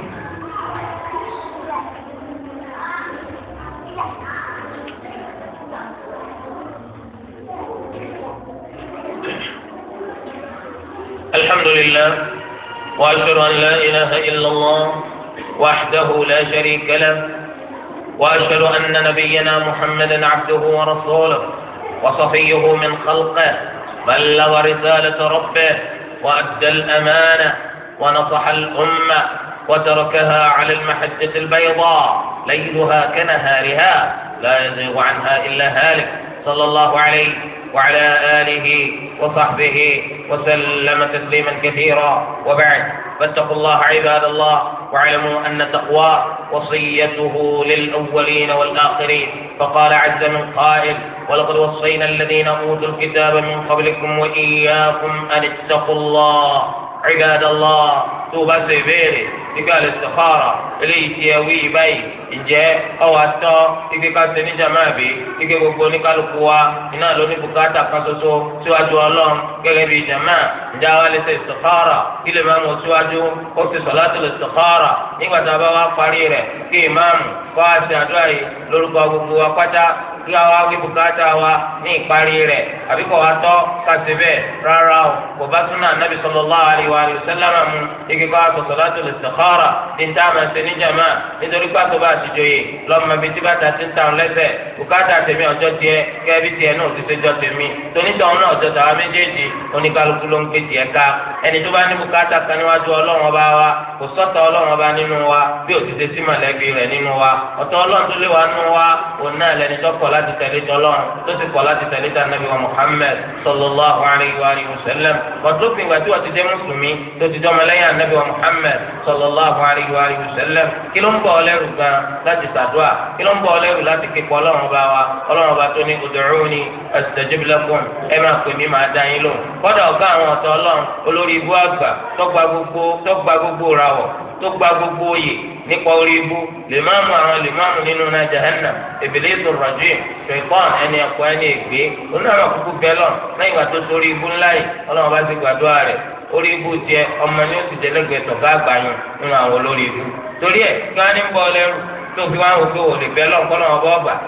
لله وأشهد أن لا إله إلا الله وحده لا شريك له وأشهد أن نبينا محمدا عبده ورسوله وصفيه من خلقه بلغ رسالة ربه وأدى الأمانة ونصح الأمة وتركها على المحجة البيضاء ليلها كنهارها لا يزيغ عنها إلا هالك صلى الله عليه وعلى آله وصحبه وسلم تسليما كثيرا وبعد فاتقوا الله عباد الله واعلموا أن تقواه وصيته للأولين والآخرين فقال عز من قائل ولقد وصينا الذين أوتوا الكتاب من قبلكم وإياكم أن اتقوا الله عباد الله tó o bá ṣe ìbéèrè nígbà lè sọ̀kọ́rọ̀ eléyìí ti ẹwí báyìí ǹjẹ́ ọwọ́ atọ́ ike ká ṣe níjàmá àbí ike gbogbo oníkálukú wa iná ló ní bùkátà kan ṣoṣo síwájú ọlọ́run gẹ́gẹ́ bí ìjàmá ǹjẹ́ àwa lè ṣe sọ̀kọ́rọ̀ kí lè máa mọ̀ síwájú ó ti sọ̀ láti lè sọ̀kọ́rọ̀ nígbà tá a bá wá parí rẹ̀ kí ìmáàmù kọ́ àti àdúrà yìí lórúkọ gbogbo wa pátá kí wá wí bùkátà wa ní ìparí rẹ̀ àbí kò wá tọ́ ká ṣe rárá o kò bá sunnah Nabi sallallahu alaihi wa sallam mu igi kọ́ àtọ̀ salatul istikhara ní tá a máa ṣe ní jàmá nítorí pàtó bá ti joyè lọ́mọ bíi tí bàtà ti ń tàn lẹ́sẹ̀ bùkátà tèmi ọjọ́ tiẹ̀ kẹ́bí tiẹ̀ náà ti ṣe jọ tèmi tonítọ̀ náà ọjọ́ tàwa méjèèjì oníkálukú ló ń gbé tiẹ̀ ká ẹni tó bá ní bùkátà kan níwájú ọlọ́run ọba wa láti tẹ̀lé tọ́lọ́run tó sì kọ̀ láti tẹ̀lé tà nàbí wa Muhammad sallallahu alayhi wa alihi wa sallam ọ̀dọ́fin ìgbà tí wọ́n ti jẹ́ mùsùlùmí tó ti dọ́mọ lẹ́yìn ànábì wa Muhammad sallallahu alayhi wa alihi wa sallam kí ló ń bọ̀ ọlẹ́rù gan láti sàdúà kí ló ń bọ̀ ọlẹ́rù láti kíkọ ọlọ́run ọba wa ọlọ́run ọba tó ní ud'uni astajib ẹ máa pè mí máa dá yín lóhùn tó gba gbogbo oyè nípa orí ibú lèmáàmù àwọn lèmáàmù nínú náà jahannam ìbílẹ̀ ètò rajim ṣèkọ́n ẹni ẹ̀kọ́ ẹni ègbé onáàmà kúkú bẹ́lọ̀ lẹ́yìn ìgbà tó sórí ibú ńlá yìí ọlọ́run bá ti gbàdúrà rẹ̀ orí ibú tiẹ̀ ọmọ ni ó ti dẹ́lẹ́gbẹ̀ẹ́ tọ̀ bá nínú àwọn olórí torí ẹ̀ kí wọ́n á ní tó fi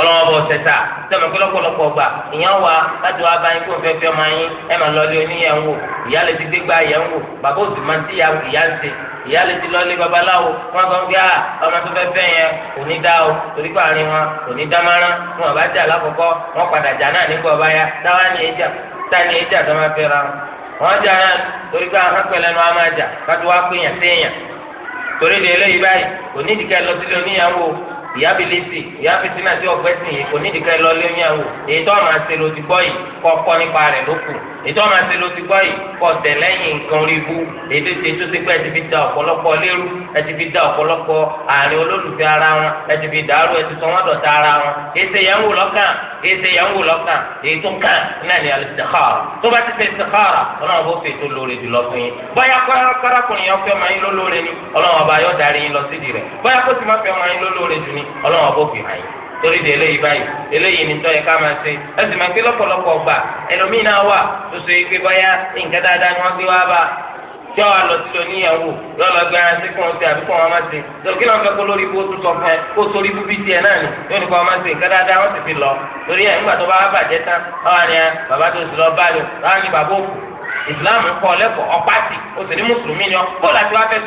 ọlọ́wọ́ bọ̀ ṣẹ̀ṣà sọ̀mọ pé lọ́pọ̀lọpọ̀ gbà ìyẹn wa láti wá bá yín kó fẹ́ fẹ́ ọmọ yín ẹ máa lọ lé oníyẹn wò ìyá ti gba wò bàbá òsì máa ti ìyá ń ṣe ti babaláwo wọn kàn gbé à ọmọ tó fẹ́ fẹ́ yẹn kò ní dá o torí pé àárín wọn kò ní dá márán wọn bá jà ya táwa ìyá bilisi ìyá fitinasi ọgbẹ́sìn yìí kò nídìí ká ẹ lọ lé oyún àwò èyí tó ọ̀nà àṣẹ ló yìí kọ́ kọ́ nípa rẹ̀ lókun ètò ọmọ àti ló ti gbọ́ yìí kọ́ tẹ̀lẹ́yìn nǹkan orí ibú ètò ètò ti pẹ́ ti fi da ọ̀pọ̀lọpọ̀ lérú ẹ ti fi da ọ̀pọ̀lọpọ̀ àárín olólùfẹ́ ara wọn ẹ ti fi dàrú ẹ ti sọ wọ́n dọ̀tá ara wọn èsè yẹn ń wò lọ́kàn èsè yẹn ń wò lọ́kàn ètò kan náà ni alìsèkàrà tó bá ti fẹ́ sèkàrà ọlọ́run bó fètò lóore jùlọ fún yín bóyá kárakùnrin yẹn fẹ́ máa yín lólóore ni ọlọ́run torí de eléyìí báyìí eléyìí ni tọ́ yẹ ká máa ṣe ẹ sì máa pé lọ́pọ̀lọpọ̀ gbà ẹlòmíín náà wà tó ṣe pé báyà nǹkan dáadáa ni wọ́n gbé wá bá lọ sí yọ lọ gbé ẹran kí wọ́n ṣe àbí kí wọ́n máa ṣe tó kí wọ́n fẹ́ kó lórí bó tún fún ẹ kó sórí lọ torí ẹ̀ nígbà tó bá bàjẹ́ tán báwa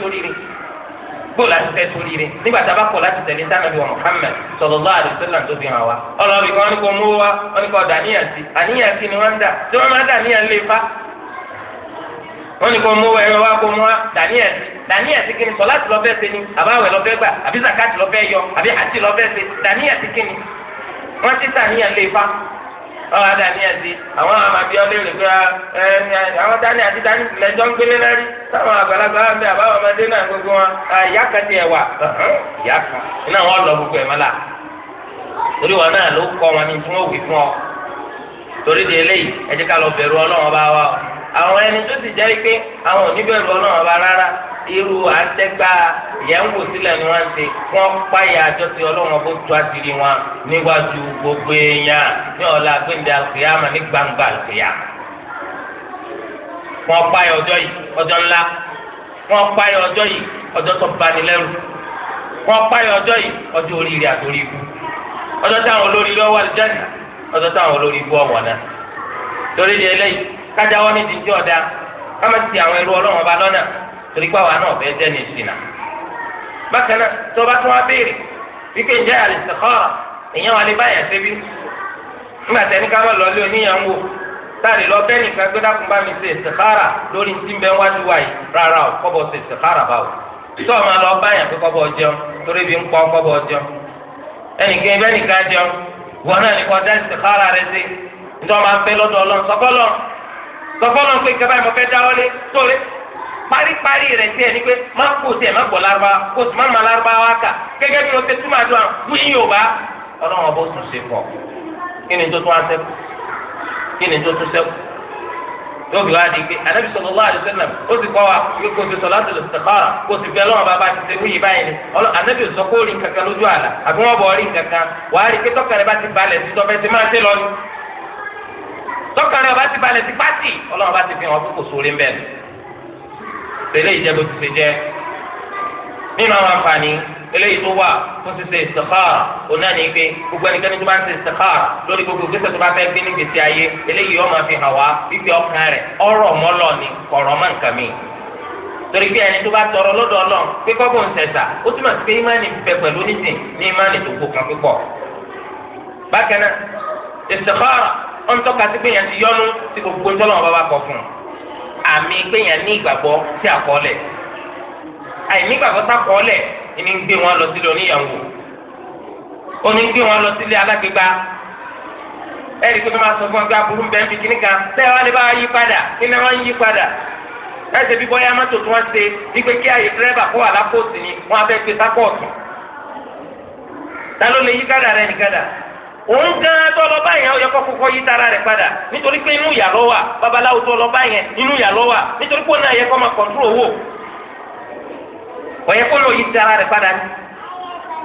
ni kó láti tẹ sórí rẹ nígbà tá a bá kọ láti tẹ̀lé sànàbí wa Muhammad sallallahu alaihi wasallam tó fi hàn wa ọlọ́ọ̀bì kan ní kò mú wa wọn ní kò dà níyàn sí àníyàn sí ni wọ́n ń dà tí wọ́n máa dà níyàn lè fa wọn ní kò mú wa ẹ̀rọ wa kò mú wa dà níyàn sí dàníyà ti kini sọláàtì lọfẹ ṣe ni àbáwẹ lọfẹ gbà àbí zakati lọfẹ yọ àbí àti lọfẹ ṣe dàníyà ti kini wọn ti sàníyàn lè fa ọwọ adani àti àwọn àmàbí ọlẹ́rìí pé ẹ àwọn dání àti dání lẹ́jọ́ ń gbélé náà rí àgbàlagbà wà bẹ́ẹ̀ àbáwọn ọmọdé náà gbogbo wọn ìyá kan ti ẹ̀wà ìyá kan iná wọn lọ gbogbo torí wọn náà ló wọn ọ torí di eléyìí ẹ ká lọ wa àwọn irú àtẹ́gbà yẹn wò sílẹ̀ ni wọ́n ṣe wọ́n páyà àjọṣe ọlọ́run bó tu àṣírí wọn níwájú gbogbo èèyàn ní ọ̀la gbẹ̀ndẹ̀ àlùkìyàmà ní gbangba àlùkìyàmà. wọ́n páyà ọjọ́ yìí ọjọ́ ńlá wọ́n páyà ọjọ́ yìí ọjọ́ tó bani lẹ́rù wọ́n páyà ọjọ́ yìí ọjọ́ oríire àtòrí ikú ọjọ́ táwọn olórí lọ́wọ́ àlùjáde ọjọ́ táwọn olórí ikú ọ̀wọ̀ náà torí ilé eléyìí kájáwọ́ ní ti ti ọ̀dà ká má ti àwọn ẹrú ọlọ́run ọba lọ́nà torí pé náà fẹ́ jẹ́ tó wá béèrè wípé èèyàn wà lè bá yẹn nígbà ká lọlé lọ bẹ́ẹ̀ nìkan gbé dákun bá mi lórí ti ń wájú wa rárá o kọ́bọ̀ ṣe istikhara báwo. tó o máa lọ bá yẹn pé kọ́bọ̀ jẹun torí bí ń pọ́ kọ́bọ̀ jẹun. ẹnìkan ibẹ̀ nìkan jẹun wọn náà ní kọ́ dá rẹ sí máa ń fẹ́ lọ́dọ̀ ọlọ́run pé paríparí rẹ̀ tiẹ̀ ni pé má kó tiẹ̀ má gbọ́ lárúbáwá kó sì má ma lárúbáwá kà gẹ́gẹ́ bí o ti túmọ̀ àdúrà fún yín yorùbá ọlọ́run ọbọ̀ tún ṣe fọ̀ kí ni tó tún á sẹ́kù kí ni tó tún sẹ́kù yóò fi wá di pé anabi sallallahu alaihi wasallam ó sì kọ́ wa pé kò sí salatul istikhara kò sì fẹ́ lọ́wọ́ bàbá ti ṣe wíyì báyìí ni anabi sọ kó rí kankan lójú àlà àbí wọ́n bọ̀ tẹ̀lé ìjẹ́bù ti ṣe jẹ́ nínú àwọn àǹfààní eléyìí tó wà fún ṣíṣe istikhara òun náà ní pé gbogbo ẹnikẹ́ni tó bá ń ṣe istikhara lórí gbogbo gbèsè tó bá fẹ́ gbé ní gbèsè ayé eléyìí yóò máa fi hàn wá fífi ọkàn rẹ̀ ọ̀rọ̀ mọ́lọ̀ ni kọ̀rọ̀ mọ́ nǹkan mi. torí pé ẹni tó bá tọrọ lọ́dọ̀ Ọlọ́run pé kọ́kọ́ ń ṣẹ̀ṣà ó túmọ̀ sí pé ìmánì bẹ pẹ̀lú nísìn ní ìmánì tó kó kan púpọ̀. bákan náà istikhara àmì gbẹ̀yàn ní ìgbàgbọ́ sí àkọọ́lẹ̀ àìní ìgbàgbọ́ sákọọ́lẹ̀ ìní gbé wọn lọ sílé oníyàwó oní gbé wọn lọ sílé alágbègbà ẹ̀rí pé kí wọ́n máa sọ fún wọn pé aburú bẹ́ẹ̀ fi kíní kan tẹ́ wọn lè bá yí padà kí wọ́n yí padà ẹsẹ̀ mọ́tò tí wọ́n ṣe wípé ta ló lè yí rẹ̀ ní òun gan tó lọ bá yẹn ọyọkọ kọkọ yí tara rẹ̀ padà nítorí pé inú ìyà ló wà babaláwo tó lọ bá yẹn inú ìyà ló wà nítorí pé ó náà yẹ kó máa kọ̀ǹtúrò owó ọ̀yẹ kó lọ yí tara rẹ̀ padà ní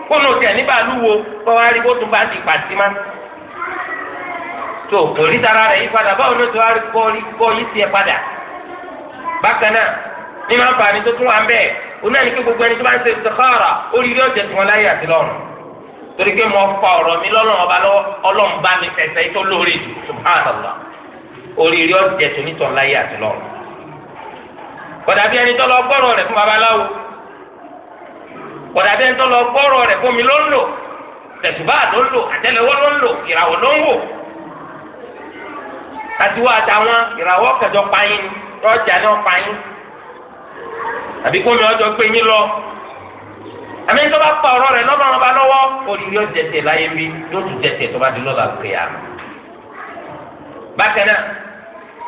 kó lọ tẹ̀ ní bàálù wo kó wá rí kó tún bá di pàtí má tó òrí tara rẹ̀ yí padà báwo ló tó wá rí kó yí tiẹ̀ padà bákan náà nínú àǹfààní tó tún wà ń bẹ́ẹ̀ òun kí gbogbo ẹni tó bá ń ṣe istikhara ó rí rí ọ̀jẹ̀ tí wọ́n láyé àti lọ́rùn torí pé mo fa ọ̀rọ̀ mi lọ́lọ́run ọba lọ́wọ́ ọlọ́run bá mi tẹ̀sẹ̀ tó lórí subhanallah oríire ọ̀jẹ̀ tó nítọ̀ láyé àti lọ́run. kódà bí ẹni tó lọ gbọ́rọ̀ rẹ̀ fún babaláwo kódà bí ẹni tó lọ gbọ́rọ̀ rẹ̀ fún mi ló ń lò tẹ̀sùbá ló ń lò àtẹ́lẹwọ́ ló ń lò ìràwọ̀ ló ń wò àtiwọ́ àtàwọn ìràwọ̀ kẹjọ pààyàn rọ́jà náà pààyàn àbíkú mi ọjọ́ pé yín lọ àmì tó bá pa ọ̀rọ̀ rẹ̀ lọ́nà ọba lọ́wọ́ olùyọ jẹ̀tẹ̀ láyé bí yóò tu jẹ̀tẹ̀ tó bá di lọ́la kéya. bákan náà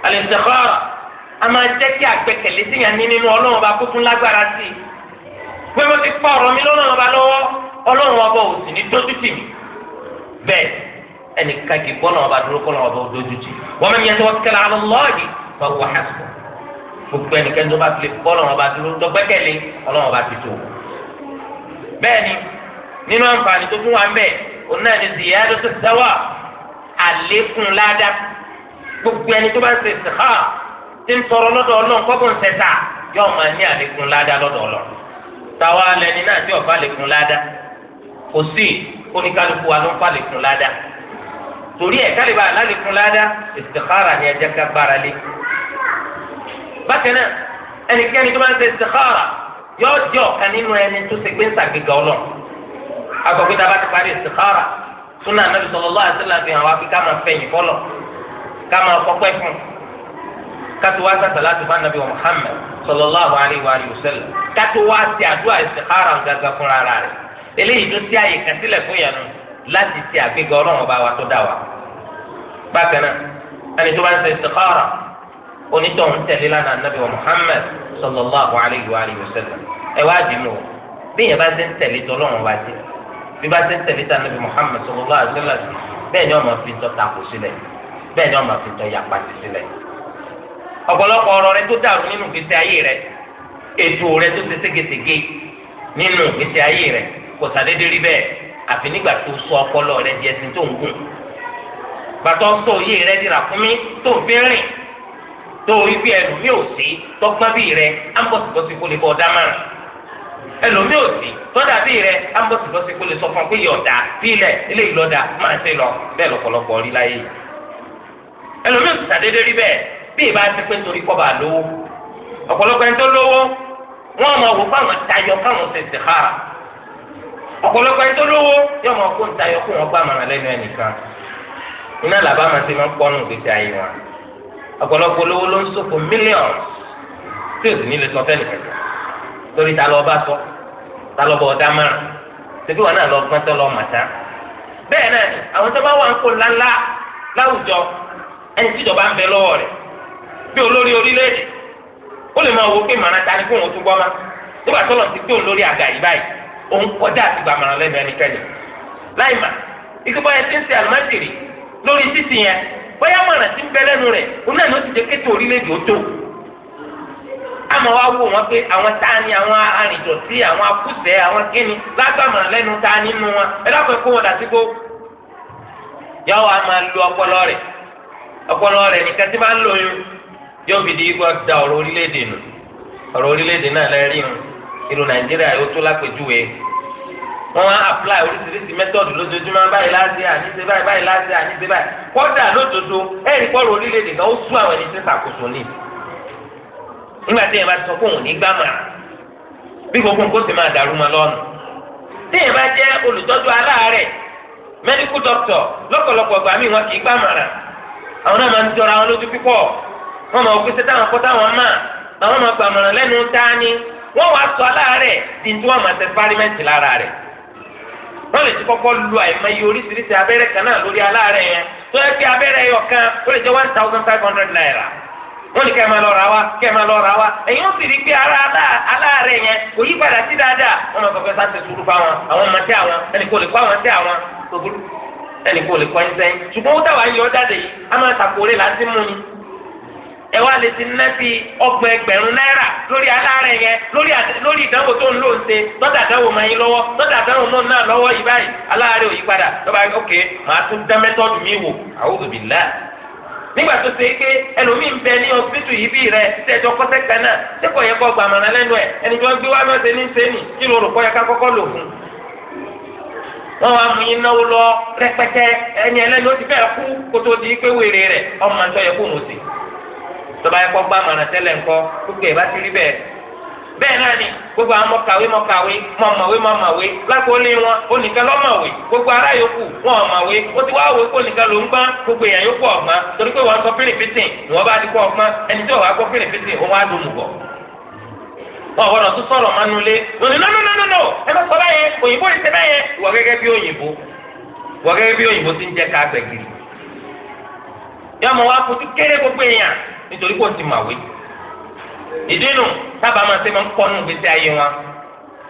al-istikhara a máa jẹ́ kí àgbẹ̀kẹ̀lé sí yàn ní nínú ọlọ́run ọba kúkú lágbára sí i pé mo ti pa ọ̀rọ̀ mi lọ́nà ọba lọ́wọ́ ọlọ́run ọba ò sì ní dójú tì mí bẹ́ẹ̀ ẹnì kagi bọ́lá ọba dúró kọ́lá ọba ò dójú tì wọ́n mẹ́mi yẹn tó wọ́n kẹ́lá alọ́ọ̀dì fọwọ́ hasbọ̀ gbogbo ẹnikẹ́ni tó bá fi bọ́lá ọba dúró dọ́gbẹ́kẹ̀lé ọlọ́run ọba ti bẹ́ẹ̀ni nínú àǹfààní tó fún wa ń bẹ òun náà ni ziyadu tó sáwà àlékún ládàá gbogbo ẹni tó bá ń ṣe sèkà tí ń tọrọ lọ́dọ̀ Ọlọ́run kọ́ bó ń sẹta yóò máa ní àlékún ládàá lọ́dọ̀ Ọlọ́run táwa lẹni náà tí ọba àlékún ládàá kò sí oníkálukú wa ló ń fa àlékún ládàá torí ẹ kálíba àlálẹkùn ládàá istikhara ni ẹjẹ gbára lé bákan náà ẹnikẹ́ni tó bá ń ṣe istikhara yọ jẹ́ ọ̀kan nínú ẹni tó ṣe gbé ń sàgbéga ọlọ́run agbègbè tá a bá ti parí istikhara súnà nàbì sallallahu alaihi wasallam fi hàn wá pé ká máa fẹ̀yìn fọlọ̀ ká máa fọpẹ́ fún kátó wá sàtà láti fún anabi Muhammad sallallahu alaihi wa alihi wasallam kátó wá ti àdúrà istikhara gàgà fúnra rẹ̀ eléyìí tó ti àyè kàtílẹ̀ fún yẹn láti ti àgbéga ọlọ́run ọba wa tó dá wa bákan náà ẹni tó bá ń ṣe istikhara onítọ̀hún sallallahu alayhi wa alihi wa sallam ẹ wá dì mú o bí yẹn bá ti ń tẹ̀lé tọ́ lọ́wọ́n bá ti bí bá ti ń tẹ̀lé tán níbi Muhammad sallallahu alayhi wa sallam bẹ́ẹ̀ ni ọmọ fi tọ́ takò sílẹ̀ bẹ́ẹ̀ ni ọmọ fi tọ́ yapa ti sílẹ̀ ọ̀pọ̀lọpọ̀ ọ̀rọ̀ rẹ tó dàrú nínú gbèsè ayé rẹ ètò rẹ tó ti ségesège nínú gbèsè ayé rẹ kò sàdédé rí bẹ́ẹ̀ àfi nígbà tó sọ ọpọlọ rẹ di ẹsìn tó ń gùn bàtọ́ sọ òye rẹ di ràkúnmí tó ń fi rìn tó o ibi ẹlòmíì ò sí tọ́gbọ́n bí rẹ ambọ̀sibọ́sí kò lè bọ̀ ọ̀dá márùn ẹlòmíì ò sí tọ́dà bí rẹ ambọ̀sibọ́sí kò lè sọ fún ọ pé yọ ọ̀dà bí ilẹ̀ ilé ìlọ́dà máa ṣe lọ bẹ́ẹ̀ lọ́pọ̀lọpọ̀ rí láyé yìí ẹlòmíì ò sì sàdédé rí bẹ́ẹ̀ bí ìbá ti pé nítorí kọ́ bá lówó ọ̀pọ̀lọpọ̀ ẹni tó lówó wọ́n máa wò fáwọn tayọ fáwọn ṣẹ̀ṣẹ̀ ha ọ̀pọ̀lọpọ̀ ẹni tó lówó yóò máa kó ń tayọ kó wọn gbà màmá lẹ́nu ẹnìkan iná làbá máa ṣe máa ń gbèsè ayé wọn. ọ̀pọ̀lọpọ̀ olówó ló ń ṣòfò mílíọ̀nù tí òsì nílé sọ fẹ́ẹ́ nìkẹ́kẹ́ torí ta bá sọ ta lọ́ọ́ bá tẹ̀bí wọn náà lọ gbọ́n tọ́ lọ́ọ́ màtá bẹ́ẹ̀ náà àwọn tó bá wà ń kó láwùjọ ẹni tí ìjọba ń bẹ lọ́wọ́ rẹ̀ bí olórí orílẹ̀-èdè ó lè máa wo pé màrán ta ni òun gbọ́ nígbà tó lọ sí pé bóyá ya tí ń bẹ lẹ́nu rẹ̀ òun náà ló ti jẹ́ kéte orílẹ̀-èdè ó tó àmọ́ wá wò wọ́n pé àwọn tá ni àwọn arìndọ̀tí àwọn akúṣẹ̀ àwọn kíni látàmọ̀ràn lẹ́nu tá nínú wọn ẹ dákun ẹ kó wọn dàtí kó yọ wá máa lo ọpọlọ rẹ̀ ọpọlọ rẹ̀ nìkan tí ń yóò fi di da ọ̀rọ̀ orílẹ̀-èdè nù ọ̀rọ̀ orílẹ̀-èdè náà lẹ́rìí Nàìjíríà yóò tó wọn wá apply oríṣiríṣi method lójoojúmọ́ báyìí láti àníṣe báyìí báyìí láti àníṣe báyìí kódà lódodo ẹ̀rí pọ́ọ̀rọ̀ orílẹ̀-èdè kan ó sún àwọn ẹni tí ń ṣàkóso ní. nígbà tí èèyàn bá sọ fóun ní gbàmà bí gbogbo nǹkan ti máa dàrú tí èèyàn bá jẹ́ olùtọ́jú aláàárẹ̀ medical doctor lọ́pọ̀lọpọ̀ ìgbà míì wọn kì í gbàmàrà àwọn náà máa ń jọra wọn lójú pípọ̀ wọn máa wọ́n lè ti kọ́kọ́ lu àìmọye oríṣiríṣi abẹ́rẹ́ kan náà lórí aláàárẹ̀ yẹn tó yẹ kí abẹ́rẹ́ yọ kan ó lè jẹ́ one thousand five hundred naira wọ́n ní kẹ́ ẹ máa lọ ra wa kẹ́ ẹ máa lọ ra wa ẹ̀yin ó sì rí pé ara aláàárẹ̀ yẹn kò yí padà sí dáadáa wọ́n máa kọ́kọ́ sáà sùúrù fáwọn àwọn ọmọ tẹ́ àwọn ẹnì kò lè kọ́ àwọn tẹ́ àwọn gbogbo kò lè kọ́ ẹ̀ sẹ́yìn ṣùgbọ́n ó dáwà yọ jáde yìí á máa tàkórè láti mú ni ẹ wá lè ti ná sí ọgbọ̀n ẹgbẹ̀rún náírà lórí aláàárẹ̀ yẹn lórí lórí ìdánwò tó ń lò ń ṣe lọ́dà dánwò máa yín lọ́wọ́ lọ́dà dánwò náà náà lọ́wọ́ yìí báyìí aláàárẹ̀ ò yí padà lọ́ba ok màá tún dá mẹ́tọ́ọ̀dù mi wò a'udhu billah. nígbà tó ṣe é pé ẹlòmíín bẹ ní ọsibítù yìí bí rẹ kọsẹ kan náà kò yẹ kó ẹni gbé wá di pé wèrè rẹ ọmọ tọba ẹkọ gbá mọ̀nà tẹ́lẹ̀ ńkọ gbogbo ẹ̀ bá ti rí bẹẹ bẹ́ẹ̀ náà ni gbogbo àwọn mọ̀kàwé mọ̀kàwé mọ̀mọ̀wé mọ̀mọ̀wé lápò ó lé wọn ó nìkan gbogbo ará yòókù wọn ọ̀mọ̀wé ó ti wá kó nìkan ló ń gbogbo èèyàn yòókù ọ̀gbọ́n torí pé sọ bá ti ẹni tí dùn wọn ò bá sọ báyẹn òyìnbó báyẹn bí nítorí kò ti màwé ìdínú sábà máa ṣe máa ń pọ̀ nínú gbèsè ayé wọn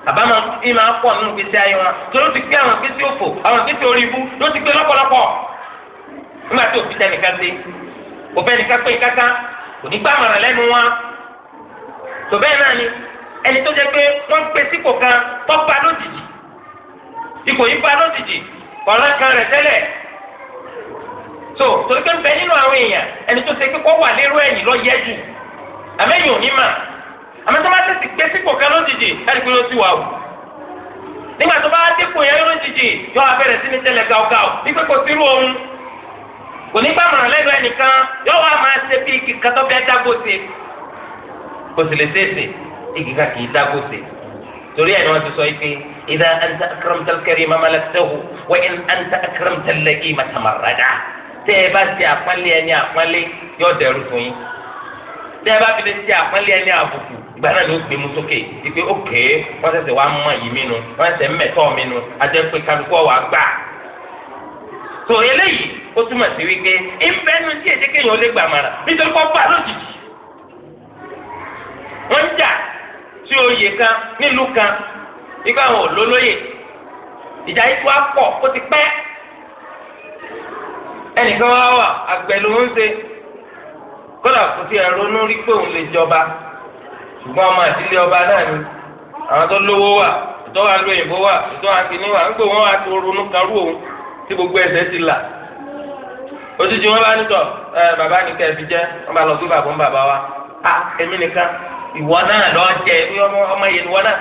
bàbá máa ń máa pọ̀ nínú gbèsè ayé wọn tó ló ti gbé àwọn gbèsè òfò àwọn gbèsè orí ibú ló ti gbé lọ́pọ̀lọpọ̀ nígbà tí òfin tẹnìkan dé òfin ẹnìkan pé kaka kò ní gbàmọ̀ràn lẹ́nu wọn tó bẹ́ẹ̀ náà ni ẹni tó jẹ́ pé wọ́n ń pè sípò kan tó bá lójijì ipò yìí bá lójijì ọ̀rẹ́ kan rẹ̀ tẹ́lẹ̀ so torí pé ń bẹ nínú àwọn èèyàn ẹni tó ṣe pé kọ́ wà lérò ẹ̀yìn lọ yẹ jù àmẹ́yìn ò ní mà àmọ́ tó bá tẹ̀sí pé sípò kan lójijì ẹni pé ó sì wà wù nígbà tó bá dínkù yẹn lójijì yọ abẹ́rẹ́ sí ní tẹ́lẹ̀ gàọ́gàọ́ wípé kò sírú ohun kò ní gbàmọ̀ràn lẹ́nu ẹnìkan yọ wà máa ṣe bí kíkà tó bẹ́ẹ̀ dágbòsè kò sì lè ṣèṣe kíkà kì í dágbòsè torí ẹni wọn ti sọ pé ìdá anta akramtal karima malaktahu wa in anta akramtal la'ima tamarrada. tẹ́ ẹ bá ti àpọ́nlé ẹni àpọ́nlé yóò dẹrù fún yín tẹ́ ẹ bá fi ti àpọ́nlé ẹni àbùkù ìgbà náà ni ó gbé mu sókè wípé ókè wọ́n ṣẹ̀ṣẹ̀ wá mọ̀ yìí mí nu wọ́n ṣẹ̀ṣẹ̀ mẹ́tọ́ mi nu ajẹ́ pé kálukú ọ̀wà gbà. tó eléyìí ó túmọ̀ sí wípé tí èdè kéèyàn ó gbà nítorí kó lójijì. wọ́n ń jà sí oyè ẹnìkan wá wà àgbẹ̀lú ń ṣe kódà kò sí ẹ̀rọ lórí pé òun lè jọba ṣùgbọ́n ọmọ ọba náà ni àwọn tó lówó wà tó wa, lóyìn bó wà tó wà kìíní wà nígbà wọn wà tó ti là wọn bá ẹ bàbá nìkan jẹ wọn bá lọ bàbá wa a èmi nìkan ìwọ náà lọ jẹ ẹbí ọmọ yẹn ìwọ náà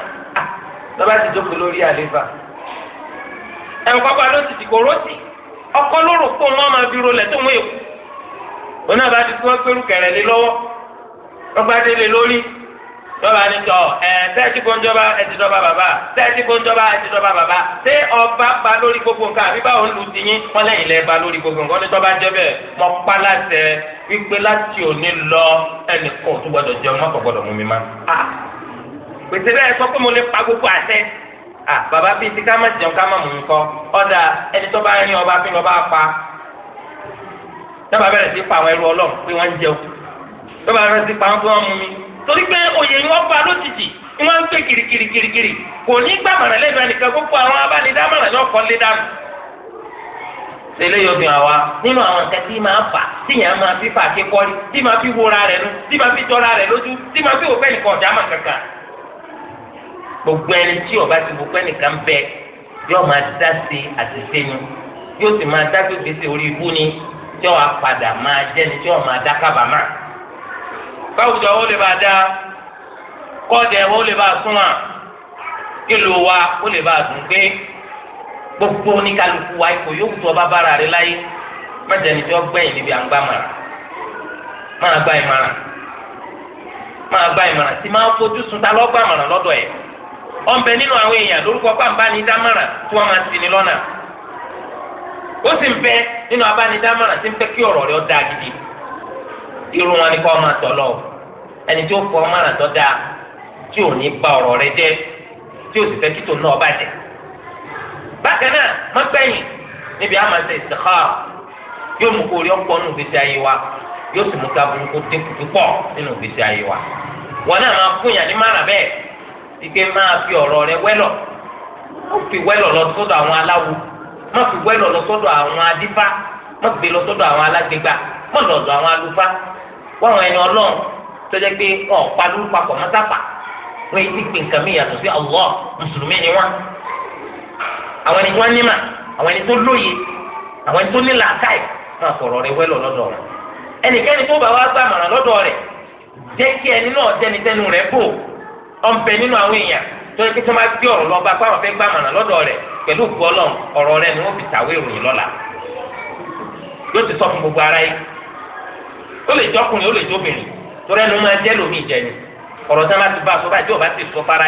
a ti jókòó lórí àléfà ọkọ lóru kó wọn máa fi rolẹ̀ tó mú èkó òun náà bá ti tí wọn gbẹrù kẹrẹ lé lọ́wọ́ wọn gba dé lé lórí lọba ni tọ ẹ tẹẹsì kó ń jọba ẹ ti dọba bàbá tẹẹsì kó ń jọba ẹ ti dọba bàbá ṣé ọba ba lórí gbogbo nǹkan àbí báwo ń lu tiyín wọn lẹ́yìn lẹ ba lórí gbogbo nǹkan ní tọba jẹ bẹ́ẹ̀ mọ pa láṣẹ wípé láti òní lọ ẹnì kan ò tún gbọ́dọ̀ jẹun mọ kò gbọ́dọ̀ mú mi má. pèsè ah! bẹ́ẹ̀ sọ pé mo lè pa gbogbo àṣẹ à bàbá bíi ti ká má jẹun ká má mú nǹkan ọ̀dà ẹni tó bá rí ọba fi lọ́ba pa dábàá bẹ̀rẹ̀ sí pa àwọn ẹrú ọlọ́run pé wọ́n ń jẹun dábàá bẹ̀rẹ̀ sí pa wọn pé wọ́n mú mi torí pé oyè yìí wọ́n pa lójijì wọ́n ń gbé kirikirikirikiri kò ní gbàmọ̀ràn lẹ́nu ẹnìkan gbogbo àwọn abánidámọ̀ràn náà kọ́ lé dànù tẹ́lẹ̀ yọ fihàn wa nínú àwọn nǹkan tí máa fà tíyàn máa fi fà kékọ́rí tí máa fi wúra rẹ̀ nu tí máa fi jọra rẹ̀ lójú ọ̀dà máa kankan gbogbo ẹni tí ọba ti gbogbo ẹnìkan bẹ yóò máa dá sí àtìsẹ́ ni yóò sì máa dá gbèsè orí ibú ni tí wàá padà máa jẹ́ni tí wàá máa dá kábàámà. káwùjọ wo lè bá dá kọ́ọ̀dẹ̀ wo lè bá súnmọ́ kílò wa ó lè bá dùn pé gbogbo oníkálukú wa ipò yóò tó ọba bára rẹ láyé mẹ́jẹni tí wọ́n gbẹ̀yìn níbi àgbàmọ̀ràn máa gba ìmọ̀ràn máa gba ìmọ̀ràn tí máa fojú sun ta lọ́gbàmọ̀ràn lọ́dọ̀ ẹ̀. ọ̀nbẹ nínú àwọn èèyàn lórúkọ pàǹbánidámọ̀ràn tí wọ́n máa ń ní ó sì ń bẹ nínú tí ń kí gidi irú wọn ni lọ ẹni tí ó fọ mọ̀ràn tó dáa tí ò ní rẹ tí ò sì fẹ́ kí tòun náà bàjẹ́ bákan náà má gbẹ̀yìn níbi àmàṣe ìsìkọ́ yóò mú kó rí wa yóò sì mú ká burúkú dínkù nínú ayé wa wọn náà máa fún yàn ní márùn ike máa fi ọ̀rọ̀ rẹ wẹ́lọ̀ fi wẹ́lọ̀ lọ sọ́dọ̀ àwọn aláwo má fi wẹ́lọ̀ lọ sọ́dọ̀ àwọn adífá má gbé lọ sọ́dọ̀ àwọn alágbègbà má lọ sọ́dọ̀ àwọn alufa wọ́n ẹni ọlọ́run tọ́jà pé ọ̀ ọ papọ̀ mọ́tàpà wọ́n ti pè nǹkan mi yàtọ̀ sí Allah mùsùlùmí ni wọ́n rẹ wẹ́lọ̀ lọ́dọ̀ rẹ ẹnikẹ́ni tó bá wá gbàmọ̀ràn rẹ jẹ́ kí ẹni ọ̀npẹ nínú àwọn èèyàn tó yẹ kí sọ máa gbé ọ̀rọ̀ lọ bá pàmò fẹ́ gbàmọ̀nà lọ́dọ̀ rẹ̀ pẹ̀lú gbọ́lọ̀ ọ̀rọ̀ rẹ̀ ni wọ́n fi tàwé ìròyìn lọ́la gbogbo ara yìí ó lè ó lè máa jẹ́ lómi ìjẹni ọ̀rọ̀ tí wọ́n bá ti bá a sọ báyìí tí bá ti sọ fara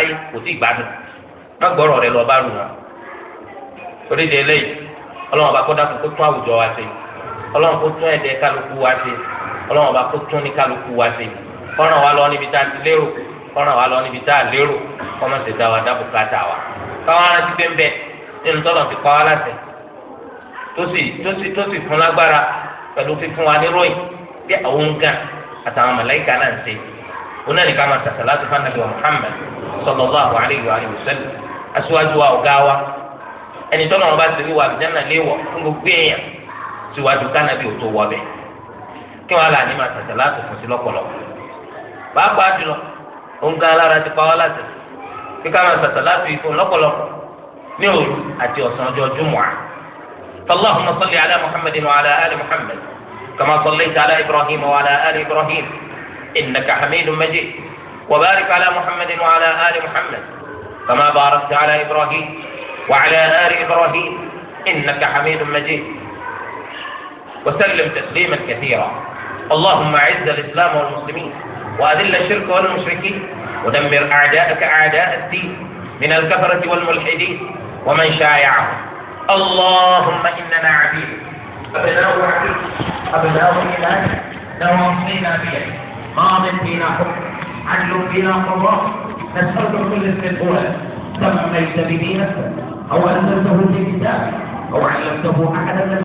yìí kò kọ́nà wa lọ níbi tá a lérò kọ́mọ sì dá wa dábò ká tà wa káwọn ará ti bẹ́ẹ̀ nínú tọ́lọ̀ ti pa wá láṣẹ tó sì tó sì tó sì fún lágbára pẹ̀lú fífún wa níròyìn bí àwọn nǹkan àtàwọn màláíkà náà ń ṣe wọn náà ní ká máa tàṣà láti fún anabi wa Muhammad sallallahu alayhi wa sallam aṣíwájú wa ọ̀gá wa ẹni tọ́lọ̀ wọn bá ti rí wa àbíjánà léwọ̀ fún gbogbo èèyàn síwájú kánábì ò tó wọ bẹ́ẹ̀ kí wọn là ní máa tàṣà láti fún sí lọ́pọ̀lọpọ̀ pàápàá jùlọ òǹkà alára ti pa wá láti kí ká máa sàtà láti ìfún lọ́pọ̀lọpọ̀ ní òru àti ọ̀sán ọjọ́ júmọ̀ à. فاللهم صل على محمد وعلى آل محمد كما صليت على إبراهيم وعلى آل إبراهيم إنك حميد مجيد وبارك على محمد وعلى آل محمد كما باركت على إبراهيم وعلى آل إبراهيم إنك حميد مجيد وسلم تسليما كثيرا اللهم أعز الإسلام والمسلمين وأذل الشرك والمشركين ودمر أعداءك أعداء الدين من الكفرة والملحدين ومن شايعهم اللهم إننا عبيدك أبناء عبيد أبناء إيمانك نواصينا بيك ماض فينا حكم عدل فينا قضاء نسألك كل اسم الأولى سميت بدينك أو أنزلته في كتابك أو علمته أحدا